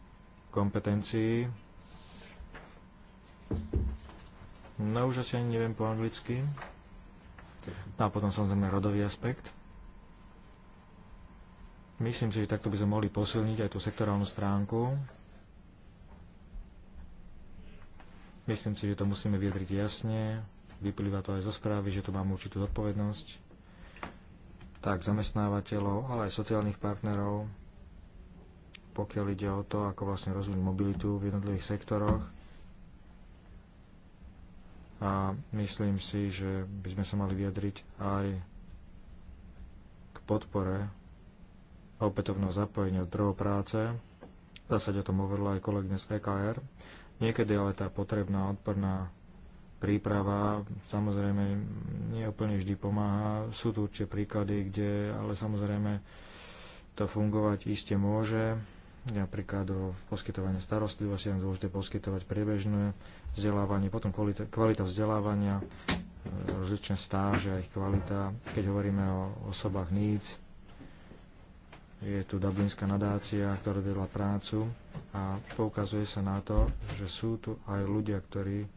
kompetencií. No už asi ani neviem po anglicky. No a potom samozrejme rodový aspekt. Myslím si, že takto by sme mohli posilniť aj tú sektorálnu stránku. Myslím si, že to musíme vyjadriť jasne. Vyplýva to aj zo správy, že tu mám určitú zodpovednosť tak zamestnávateľov, ale aj sociálnych partnerov, pokiaľ ide o to, ako vlastne rozvinúť mobilitu v jednotlivých sektoroch. A myslím si, že by sme sa mali vyjadriť aj k podpore a opätovného zapojenia trhu práce. Zásade o tom hovorila aj kolegyňa z EKR. Niekedy ale tá potrebná odporná príprava samozrejme neúplne vždy pomáha. Sú tu určite príklady, kde ale samozrejme to fungovať iste môže. Napríklad o poskytovanie starostlivosti je dôležité poskytovať priebežné vzdelávanie, potom kvalita, kvalita vzdelávania, rozličné stáže a ich kvalita. Keď hovoríme o osobách níc, je tu Dublinská nadácia, ktorá vedla prácu a poukazuje sa na to, že sú tu aj ľudia, ktorí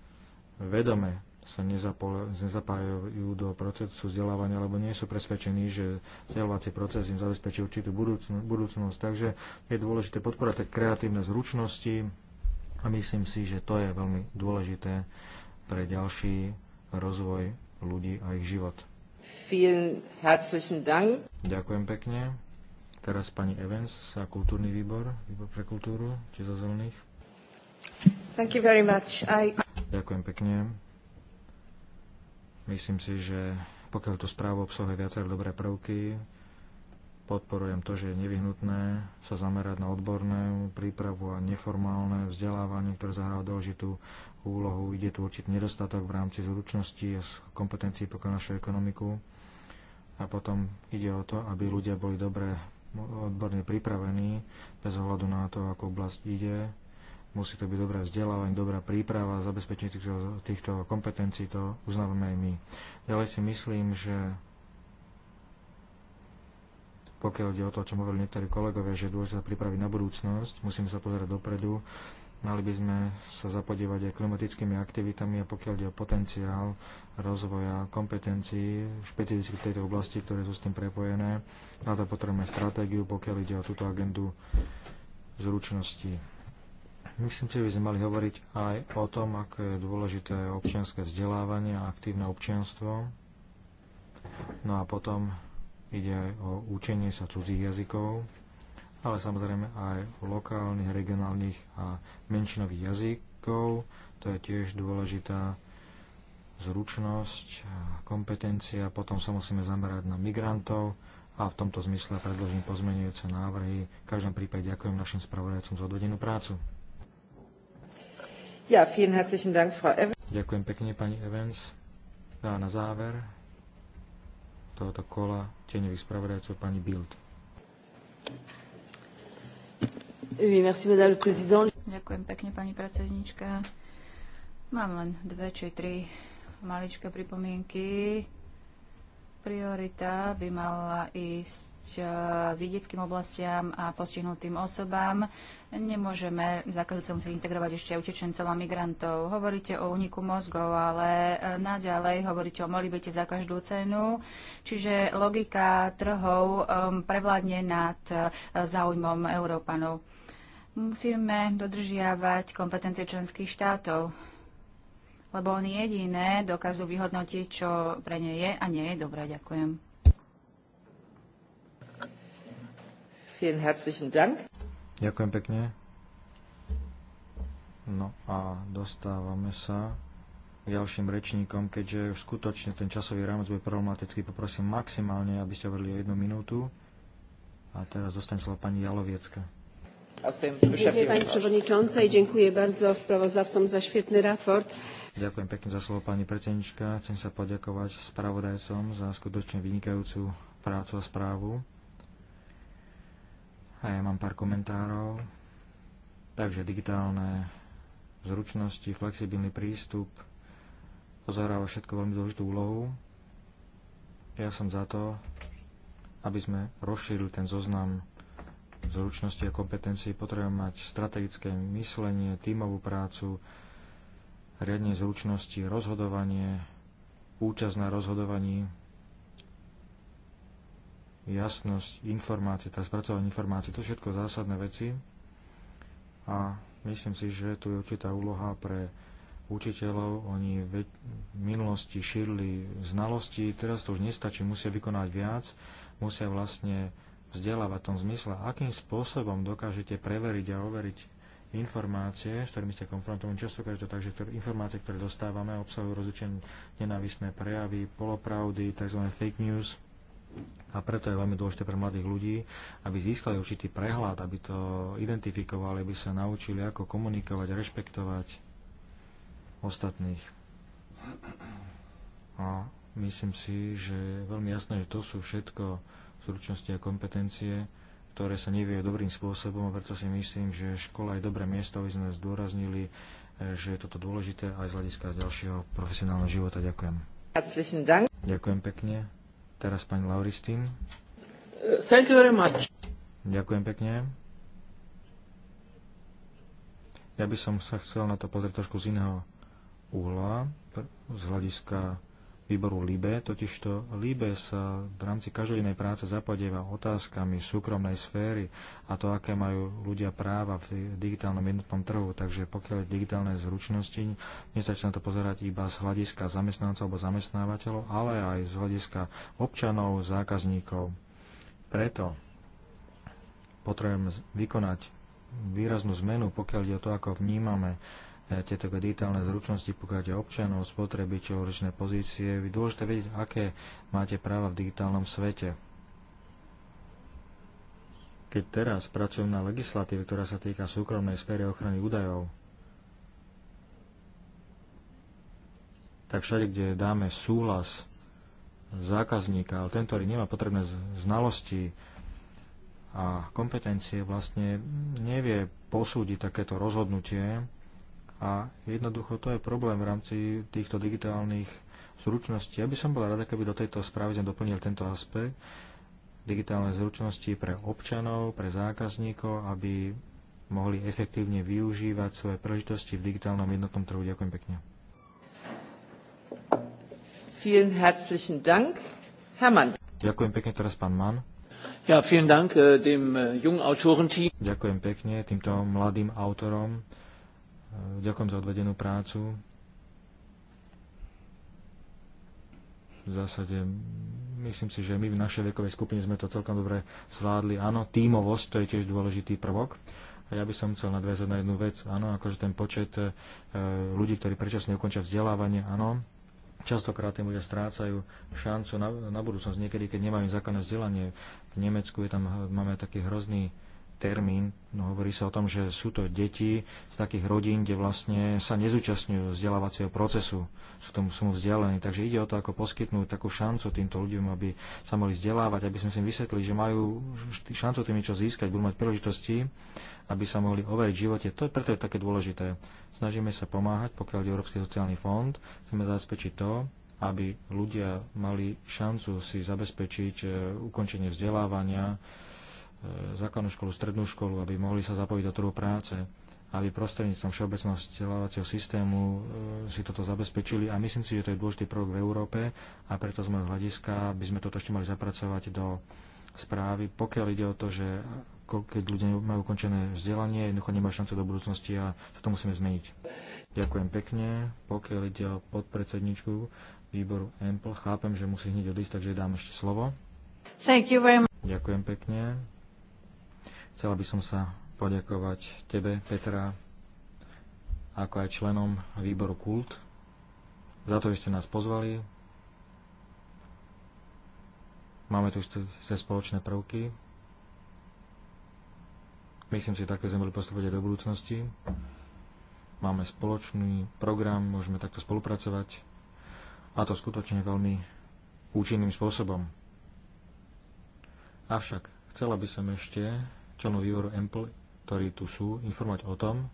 vedome sa nezapájajú do procesu vzdelávania, alebo nie sú presvedčení, že vzdelávací proces im zabezpečí určitú budúcnosť. Takže je dôležité podporať tak kreatívne zručnosti a myslím si, že to je veľmi dôležité pre ďalší rozvoj ľudí a ich život. Ďakujem pekne. Teraz pani Evans a kultúrny výbor, výbor pre kultúru, či zo zelených. Thank you very much. I... Ďakujem pekne. Myslím si, že pokiaľ tú správu obsahuje viaceré dobré prvky, podporujem to, že je nevyhnutné sa zamerať na odbornú prípravu a neformálne vzdelávanie, ktoré zahráva dôležitú úlohu. Ide tu určitý nedostatok v rámci zručnosti a kompetencií pokiaľ našu ekonomiku. A potom ide o to, aby ľudia boli dobre odborne pripravení, bez ohľadu na to, ako oblasť ide, Musí to byť dobré vzdelávanie, dobrá príprava, zabezpečenie týchto, týchto kompetencií, to uznávame aj my. Ďalej si myslím, že pokiaľ ide o to, o čom hovorili niektorí kolegovia, že dôležité sa pripraviť na budúcnosť, musíme sa pozerať dopredu, mali by sme sa zapodievať aj klimatickými aktivitami a pokiaľ ide o potenciál rozvoja kompetencií špecificky v tejto oblasti, ktoré sú s tým prepojené, na to potrebujeme stratégiu, pokiaľ ide o túto agendu zručnosti. Myslím, že by sme mali hovoriť aj o tom, ako je dôležité občianske vzdelávanie a aktívne občianstvo. No a potom ide aj o učenie sa cudzích jazykov, ale samozrejme aj lokálnych, regionálnych a menšinových jazykov. To je tiež dôležitá zručnosť, kompetencia. Potom sa musíme zamerať na migrantov, a v tomto zmysle predložím pozmenujúce návrhy. V každom prípade ďakujem našim spravodajcom za odvedenú prácu. Ja, vielen herzlichen Dank, Frau Evans. Ďakujem pekne, pani Evans. No a na záver tohoto kola tieňových spravodajcov pani Bild. Ďakujem pekne, pani predsednička. Mám len dve či tri maličké pripomienky Priorita by mala ísť e, vidieckým oblastiam a postihnutým osobám. Nemôžeme v zákazujúcom si integrovať ešte utečencov a migrantov. Hovoríte o uniku mozgov, ale e, naďalej hovoríte o molibete za každú cenu. Čiže logika trhov um, prevládne nad e, záujmom Európanov. Musíme dodržiavať kompetencie členských štátov lebo oni jediné dokážu vyhodnotiť, čo pre ne je a nie je dobré. Ďakujem. Ďakujem pekne. No a dostávame sa k ďalším rečníkom, keďže už skutočne ten časový rámec bude problematický. Poprosím maximálne, aby ste hovorili o jednu minútu. A teraz dostane slovo pani Jaloviecka. Dziękuję Pani Przewodniczącej, dziękuję bardzo sprawozdawcom za świetny raport. Ďakujem pekne za slovo, pani predsednička. Chcem sa poďakovať spravodajcom za skutočne vynikajúcu prácu a správu. A ja mám pár komentárov. Takže digitálne zručnosti, flexibilný prístup, to všetko veľmi dôležitú úlohu. Ja som za to, aby sme rozšírili ten zoznam zručnosti a kompetencií. Potrebujeme mať strategické myslenie, tímovú prácu, riadne zručnosti, rozhodovanie, účasť na rozhodovaní, jasnosť informácie, tá spracovanie informácie, to všetko zásadné veci. A myslím si, že tu je určitá úloha pre učiteľov. Oni v minulosti šírili znalosti, teraz to už nestačí, musia vykonať viac, musia vlastne vzdelávať v tom zmysle, akým spôsobom dokážete preveriť a overiť informácie, s ktorými ste konfrontovaní častokrát to tak, že informácie, ktoré dostávame, obsahujú rozličné nenávisné prejavy, polopravdy, tzv. fake news. A preto je veľmi dôležité pre mladých ľudí, aby získali určitý prehľad, aby to identifikovali, aby sa naučili, ako komunikovať, rešpektovať ostatných. A myslím si, že je veľmi jasné, že to sú všetko zručnosti a kompetencie, ktoré sa nevie dobrým spôsobom a preto si myslím, že škola je dobré miesto, aby sme zdôraznili, eh, že je toto dôležité aj z hľadiska ďalšieho profesionálneho života. Ďakujem. Ďakujem pekne. Teraz pani Lauristín. Thank you very much. Ďakujem pekne. Ja by som sa chcel na to pozrieť trošku z iného uhla, z hľadiska výboru LIBE, totižto LIBE sa v rámci každodennej práce zapodieva otázkami súkromnej sféry a to, aké majú ľudia práva v digitálnom jednotnom trhu. Takže pokiaľ je digitálne zručnosti, nestačí na to pozerať iba z hľadiska zamestnancov alebo zamestnávateľov, ale aj z hľadiska občanov, zákazníkov. Preto potrebujeme vykonať výraznú zmenu, pokiaľ je o to, ako vnímame E, tieto digitálne zručnosti, pokiaľ občanov, spotrebičov, rečné pozície. Je dôležité vedieť, aké máte práva v digitálnom svete. Keď teraz pracujem na legislatíve, ktorá sa týka súkromnej sféry ochrany údajov, tak všade, kde dáme súhlas zákazníka, ale ten, ktorý nemá potrebné znalosti a kompetencie, vlastne nevie posúdiť takéto rozhodnutie, a jednoducho to je problém v rámci týchto digitálnych zručností. Ja by som bol rada, keby do tejto správy sme doplnili tento aspekt, digitálne zručnosti pre občanov, pre zákazníkov, aby mohli efektívne využívať svoje príležitosti v digitálnom jednotnom trhu. Ďakujem pekne. Vielen herzlichen Dank, Ďakujem pekne teraz pán Mann. Ja, vielen Dank äh, dem äh, jungen Autorenteam. Ďakujem pekne týmto mladým autorom Ďakujem za odvedenú prácu. V zásade myslím si, že my v našej vekovej skupine sme to celkom dobre zvládli. Áno, tímovosť to je tiež dôležitý prvok. A ja by som chcel nadviazať na jednu vec. Áno, akože ten počet e, ľudí, ktorí predčasne ukončia vzdelávanie, áno, častokrát tí ľudia strácajú šancu na, na budúcnosť, niekedy, keď nemajú základné vzdelanie. V Nemecku je tam, máme taký hrozný termín. No, hovorí sa o tom, že sú to deti z takých rodín, kde vlastne sa nezúčastňujú vzdelávacieho procesu. Sú tomu sú vzdialení. Takže ide o to, ako poskytnúť takú šancu týmto ľuďom, aby sa mohli vzdelávať, aby sme si vysvetlili, že majú šancu tým niečo získať, budú mať príležitosti, aby sa mohli overiť v živote. To je, preto je také dôležité. Snažíme sa pomáhať, pokiaľ je Európsky sociálny fond, chceme zabezpečiť to, aby ľudia mali šancu si zabezpečiť e, ukončenie vzdelávania, základnú školu, strednú školu, aby mohli sa zapojiť do trhu práce, aby prostredníctvom všeobecného vzdelávacieho systému e, si toto zabezpečili. A myslím si, že to je dôležitý prvok v Európe a preto z môjho hľadiska by sme toto ešte mali zapracovať do správy, pokiaľ ide o to, že keď ľudia majú ukončené vzdelanie, jednoducho nemajú šancu do budúcnosti a toto musíme zmeniť. Ďakujem pekne. Pokiaľ ide o podpredsedničku výboru EMPL, chápem, že musí hneď odísť, takže dám ešte slovo. Thank you very much. Ďakujem pekne. Chcela by som sa poďakovať tebe, Petra, ako aj členom výboru KULT, za to, že ste nás pozvali. Máme tu isté spoločné prvky. Myslím si, že také sme boli postupovať aj do budúcnosti. Máme spoločný program, môžeme takto spolupracovať. A to skutočne veľmi účinným spôsobom. Avšak chcela by som ešte členov výboru Ample, ktorí tu sú, informovať o tom,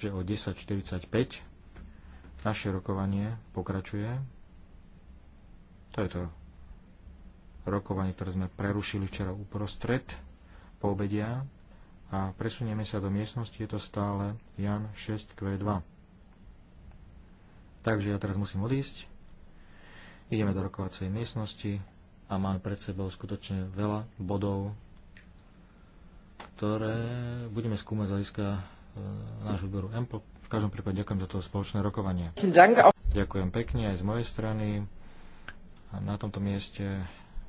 že o 10.45 naše rokovanie pokračuje. To je to rokovanie, ktoré sme prerušili včera uprostred po obedia a presunieme sa do miestnosti, je to stále Jan 6Q2. Takže ja teraz musím odísť, ideme do rokovacej miestnosti a máme pred sebou skutočne veľa bodov ktoré budeme skúmať z hľadiska e, nášho výboru EMPO. V každom prípade ďakujem za to spoločné rokovanie. Ďakujem pekne aj z mojej strany. A na tomto mieste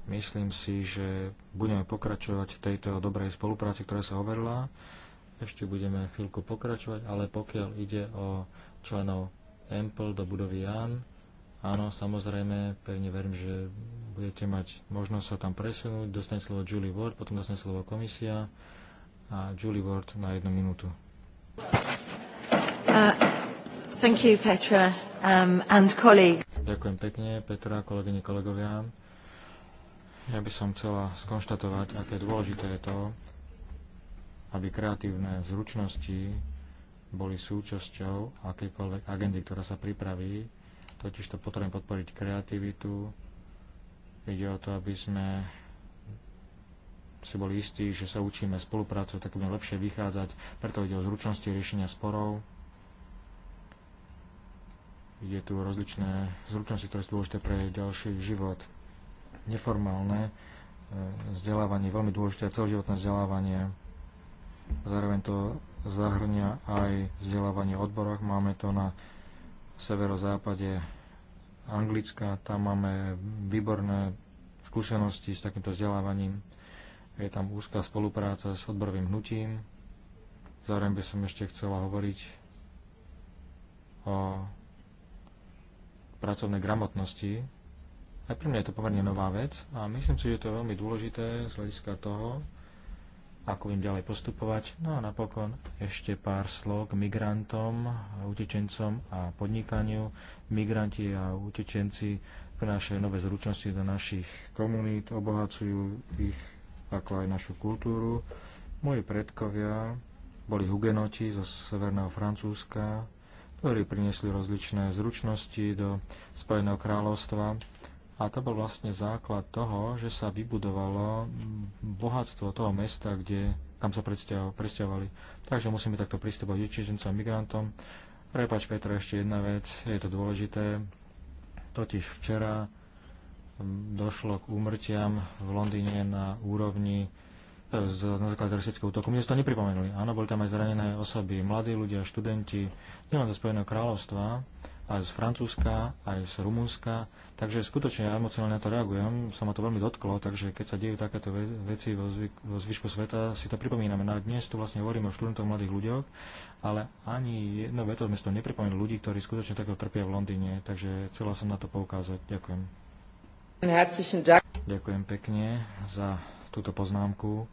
myslím si, že budeme pokračovať v tejto dobrej spolupráci, ktorá sa overila. Ešte budeme chvíľku pokračovať, ale pokiaľ ide o členov EMPL do budovy JAN, Áno, samozrejme, pevne verím, že budete mať možnosť sa tam presunúť. Dostane slovo Julie Ward, potom dostane slovo komisia a Julie Ward na jednu minútu. Uh, thank you, Petra, um, and Ďakujem pekne, Petra, kolegyne, kolegovia. Ja by som chcela skonštatovať, aké dôležité je to, aby kreatívne zručnosti boli súčasťou akejkoľvek agendy, ktorá sa pripraví. Totiž to potrebujem podporiť kreativitu. Ide o to, aby sme si boli istí, že sa učíme spoluprácu, tak budeme lepšie vychádzať. Preto ide o zručnosti riešenia sporov. Je tu rozličné zručnosti, ktoré sú dôležité pre ďalší život. Neformálne e, vzdelávanie, veľmi dôležité celoživotné vzdelávanie. Zároveň to zahrňa aj vzdelávanie v odboroch. Máme to na severozápade Anglická, tam máme výborné skúsenosti s takýmto vzdelávaním je tam úzká spolupráca s odborovým hnutím. Zároveň by som ešte chcela hovoriť o pracovnej gramotnosti. Aj pre mňa je to pomerne nová vec a myslím si, že to je veľmi dôležité z hľadiska toho, ako im ďalej postupovať. No a napokon ešte pár slov k migrantom, utečencom a podnikaniu. Migranti a utečenci prinášajú nové zručnosti do našich komunít, obohacujú ich ako aj našu kultúru. Moji predkovia boli hugenoti zo severného Francúzska, ktorí priniesli rozličné zručnosti do Spojeného kráľovstva. A to bol vlastne základ toho, že sa vybudovalo bohatstvo toho mesta, kde, kam sa presťahovali. Takže musíme takto pristupovať dečičencom a migrantom. Prepač Petra, ešte jedna vec, je to dôležité. Totiž včera došlo k úmrtiam v Londýne na úrovni e, na základe teroristického útoku. My si to nepripomenuli. Áno, boli tam aj zranené osoby, mladí ľudia, študenti, nielen zo Spojeného kráľovstva, aj z Francúzska, aj z Rumunska. Takže skutočne ja emocionálne na to reagujem, sa ma to veľmi dotklo, takže keď sa dejú takéto veci vo, zvyk, vo zvyšku sveta, si to pripomíname. Na dnes tu vlastne hovoríme o študentoch mladých ľuďoch, ale ani jedno veto sme si to nepripomenuli ľudí, ktorí skutočne takto trpia v Londýne, takže chcela som na to poukázať. Ďakujem. Ďakujem pekne za túto poznámku.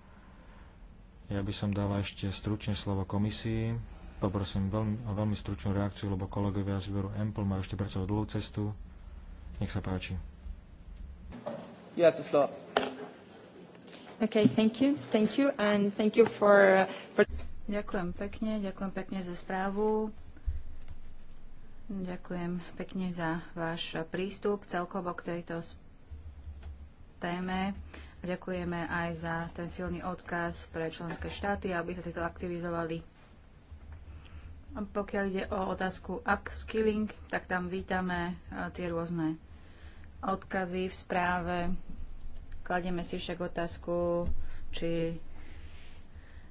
Ja by som dala ešte stručne slovo komisii. Poprosím veľmi, o veľmi stručnú reakciu, lebo kolegovia z výboru EMPL majú ešte pred sebou dlhú cestu. Nech sa páči. Okay, thank you, thank you, and thank you for, for... Ďakujem pekne, ďakujem pekne za správu. Ďakujem pekne za váš prístup celkovo k tejto správe téme. Ďakujeme aj za ten silný odkaz pre členské štáty, aby sa tieto aktivizovali. Pokiaľ ide o otázku upskilling, tak tam vítame tie rôzne odkazy v správe. Kladieme si však otázku, či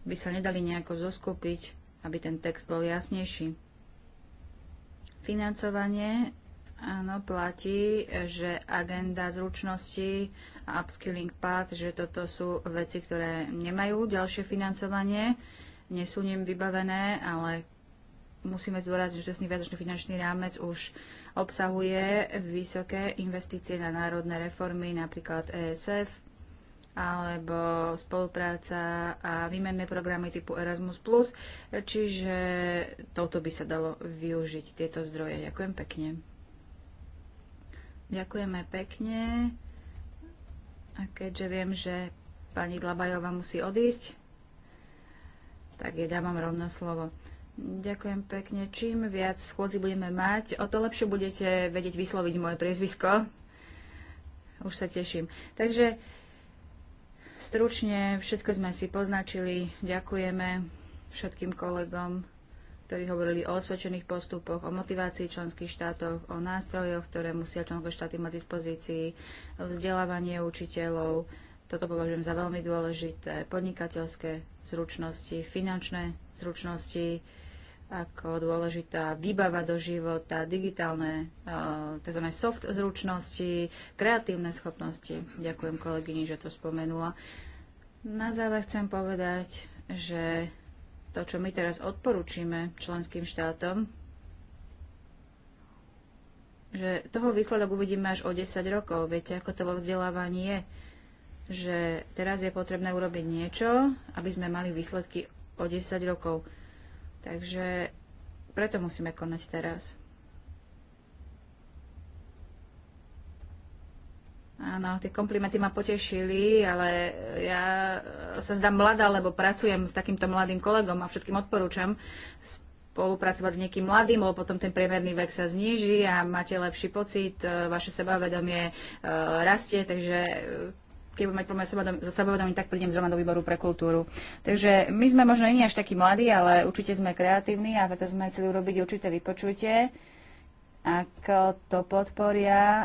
by sa nedali nejako zoskupiť, aby ten text bol jasnejší. Financovanie áno, platí, že agenda zručnosti Upskilling Path, že toto sú veci, ktoré nemajú ďalšie financovanie, nie sú ním vybavené, ale musíme zdôrazniť, že ten viacročný finančný rámec už obsahuje vysoké investície na národné reformy, napríklad ESF, alebo spolupráca a výmenné programy typu Erasmus+, čiže toto by sa dalo využiť, tieto zdroje. Ďakujem pekne. Ďakujeme pekne. A keďže viem, že pani Glabajová musí odísť, tak jej dávam rovno slovo. Ďakujem pekne. Čím viac schôdzi budeme mať, o to lepšie budete vedieť vysloviť moje priezvisko. Už sa teším. Takže stručne všetko sme si poznačili. Ďakujeme všetkým kolegom ktorí hovorili o osvedčených postupoch, o motivácii členských štátov, o nástrojoch, ktoré musia členské štáty mať dispozícii, vzdelávanie učiteľov. Toto považujem za veľmi dôležité. Podnikateľské zručnosti, finančné zručnosti, ako dôležitá výbava do života, digitálne eh, tzv. soft zručnosti, kreatívne schopnosti. Ďakujem kolegyni, že to spomenula. Na záver chcem povedať, že to, čo my teraz odporúčime členským štátom, že toho výsledok uvidíme až o 10 rokov. Viete, ako to vo vzdelávaní je? Že teraz je potrebné urobiť niečo, aby sme mali výsledky o 10 rokov. Takže preto musíme konať teraz. Áno, tie komplimenty ma potešili, ale ja sa zdám mladá, lebo pracujem s takýmto mladým kolegom a všetkým odporúčam spolupracovať s niekým mladým, lebo potom ten priemerný vek sa zníži a máte lepší pocit, e, vaše sebavedomie e, rastie, takže e, keď budem mať problém so sebavedomím, tak prídem zrovna do výboru pre kultúru. Takže my sme možno nie až takí mladí, ale určite sme kreatívni a preto sme chceli urobiť určité vypočutie ako to podporia e,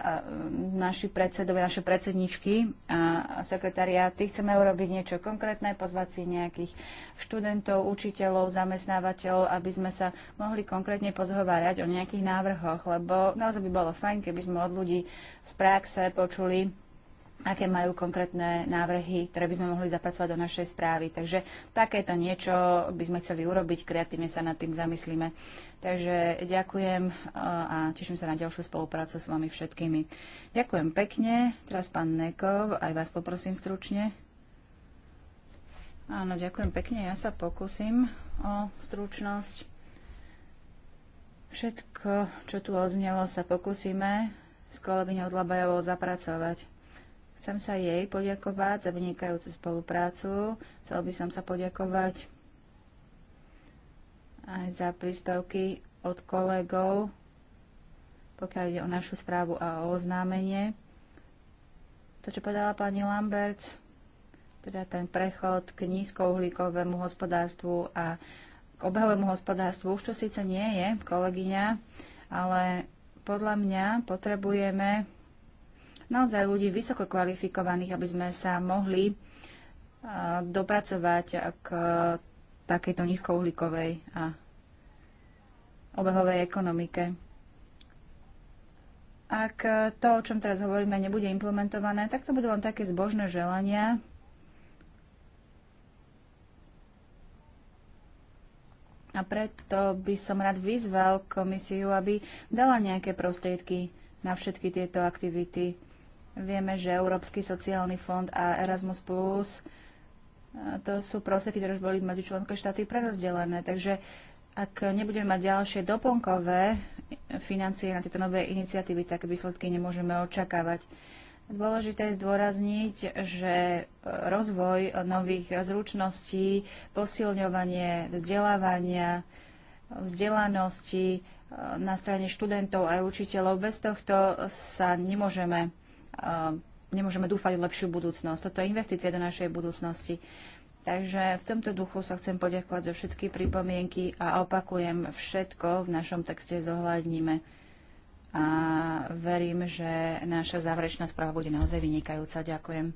naši predsedovia, naše predsedničky a sekretariáty. Chceme urobiť niečo konkrétne, pozvať si nejakých študentov, učiteľov, zamestnávateľov, aby sme sa mohli konkrétne pozhovárať o nejakých návrhoch, lebo naozaj by bolo fajn, keby sme od ľudí z praxe počuli, aké majú konkrétne návrhy, ktoré by sme mohli zapracovať do našej správy. Takže takéto niečo by sme chceli urobiť, kreatívne sa nad tým zamyslíme. Takže ďakujem e, a teším sa na ďalšiu spoluprácu s vami všetkými. Ďakujem pekne. Teraz pán Nekov, aj vás poprosím stručne. Áno, ďakujem pekne. Ja sa pokúsim o stručnosť. Všetko, čo tu odznelo, sa pokúsime s kolegyňou Dlabajovou zapracovať. Chcem sa jej poďakovať za vynikajúcu spoluprácu. Chcel by som sa poďakovať aj za príspevky od kolegov, pokiaľ ide o našu správu a o oznámenie. To, čo povedala pani Lambert, teda ten prechod k nízkouhlíkovému hospodárstvu a k obehovému hospodárstvu, už to síce nie je, kolegyňa, ale podľa mňa potrebujeme naozaj ľudí vysoko kvalifikovaných, aby sme sa mohli dopracovať k takejto nízkouhlíkovej a obehovej ekonomike. Ak to, o čom teraz hovoríme, nebude implementované, tak to budú len také zbožné želania, A preto by som rád vyzval komisiu, aby dala nejaké prostriedky na všetky tieto aktivity. Vieme, že Európsky sociálny fond a Erasmus Plus e, to sú prostriedky, ktoré už boli medzi členské štáty prerozdelené. Takže ak nebudeme mať ďalšie doplnkové financie na tieto nové iniciatívy, tak výsledky nemôžeme očakávať. Dôležité je zdôrazniť, že rozvoj nových zručností, posilňovanie vzdelávania, vzdelanosti e, na strane študentov a učiteľov, bez tohto sa nemôžeme nemôžeme dúfať v lepšiu budúcnosť. Toto je investícia do našej budúcnosti. Takže v tomto duchu sa chcem poďakovať za všetky pripomienky a opakujem, všetko v našom texte zohľadníme. A verím, že naša záverečná správa bude naozaj vynikajúca. Ďakujem.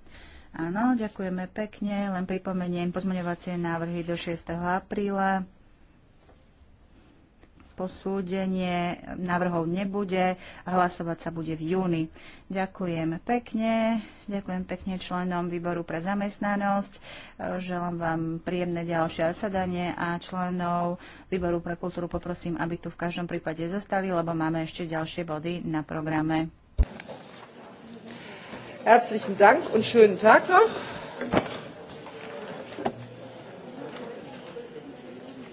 Áno, ďakujeme pekne. Len pripomeniem pozmeňovacie návrhy do 6. apríla posúdenie návrhov nebude. Hlasovať sa bude v júni. Ďakujem pekne. Ďakujem pekne členom výboru pre zamestnanosť. Želám vám príjemné ďalšie zasadanie a členov výboru pre kultúru poprosím, aby tu v každom prípade zostali, lebo máme ešte ďalšie body na programe. Herzlichen Dank und schönen Tag noch.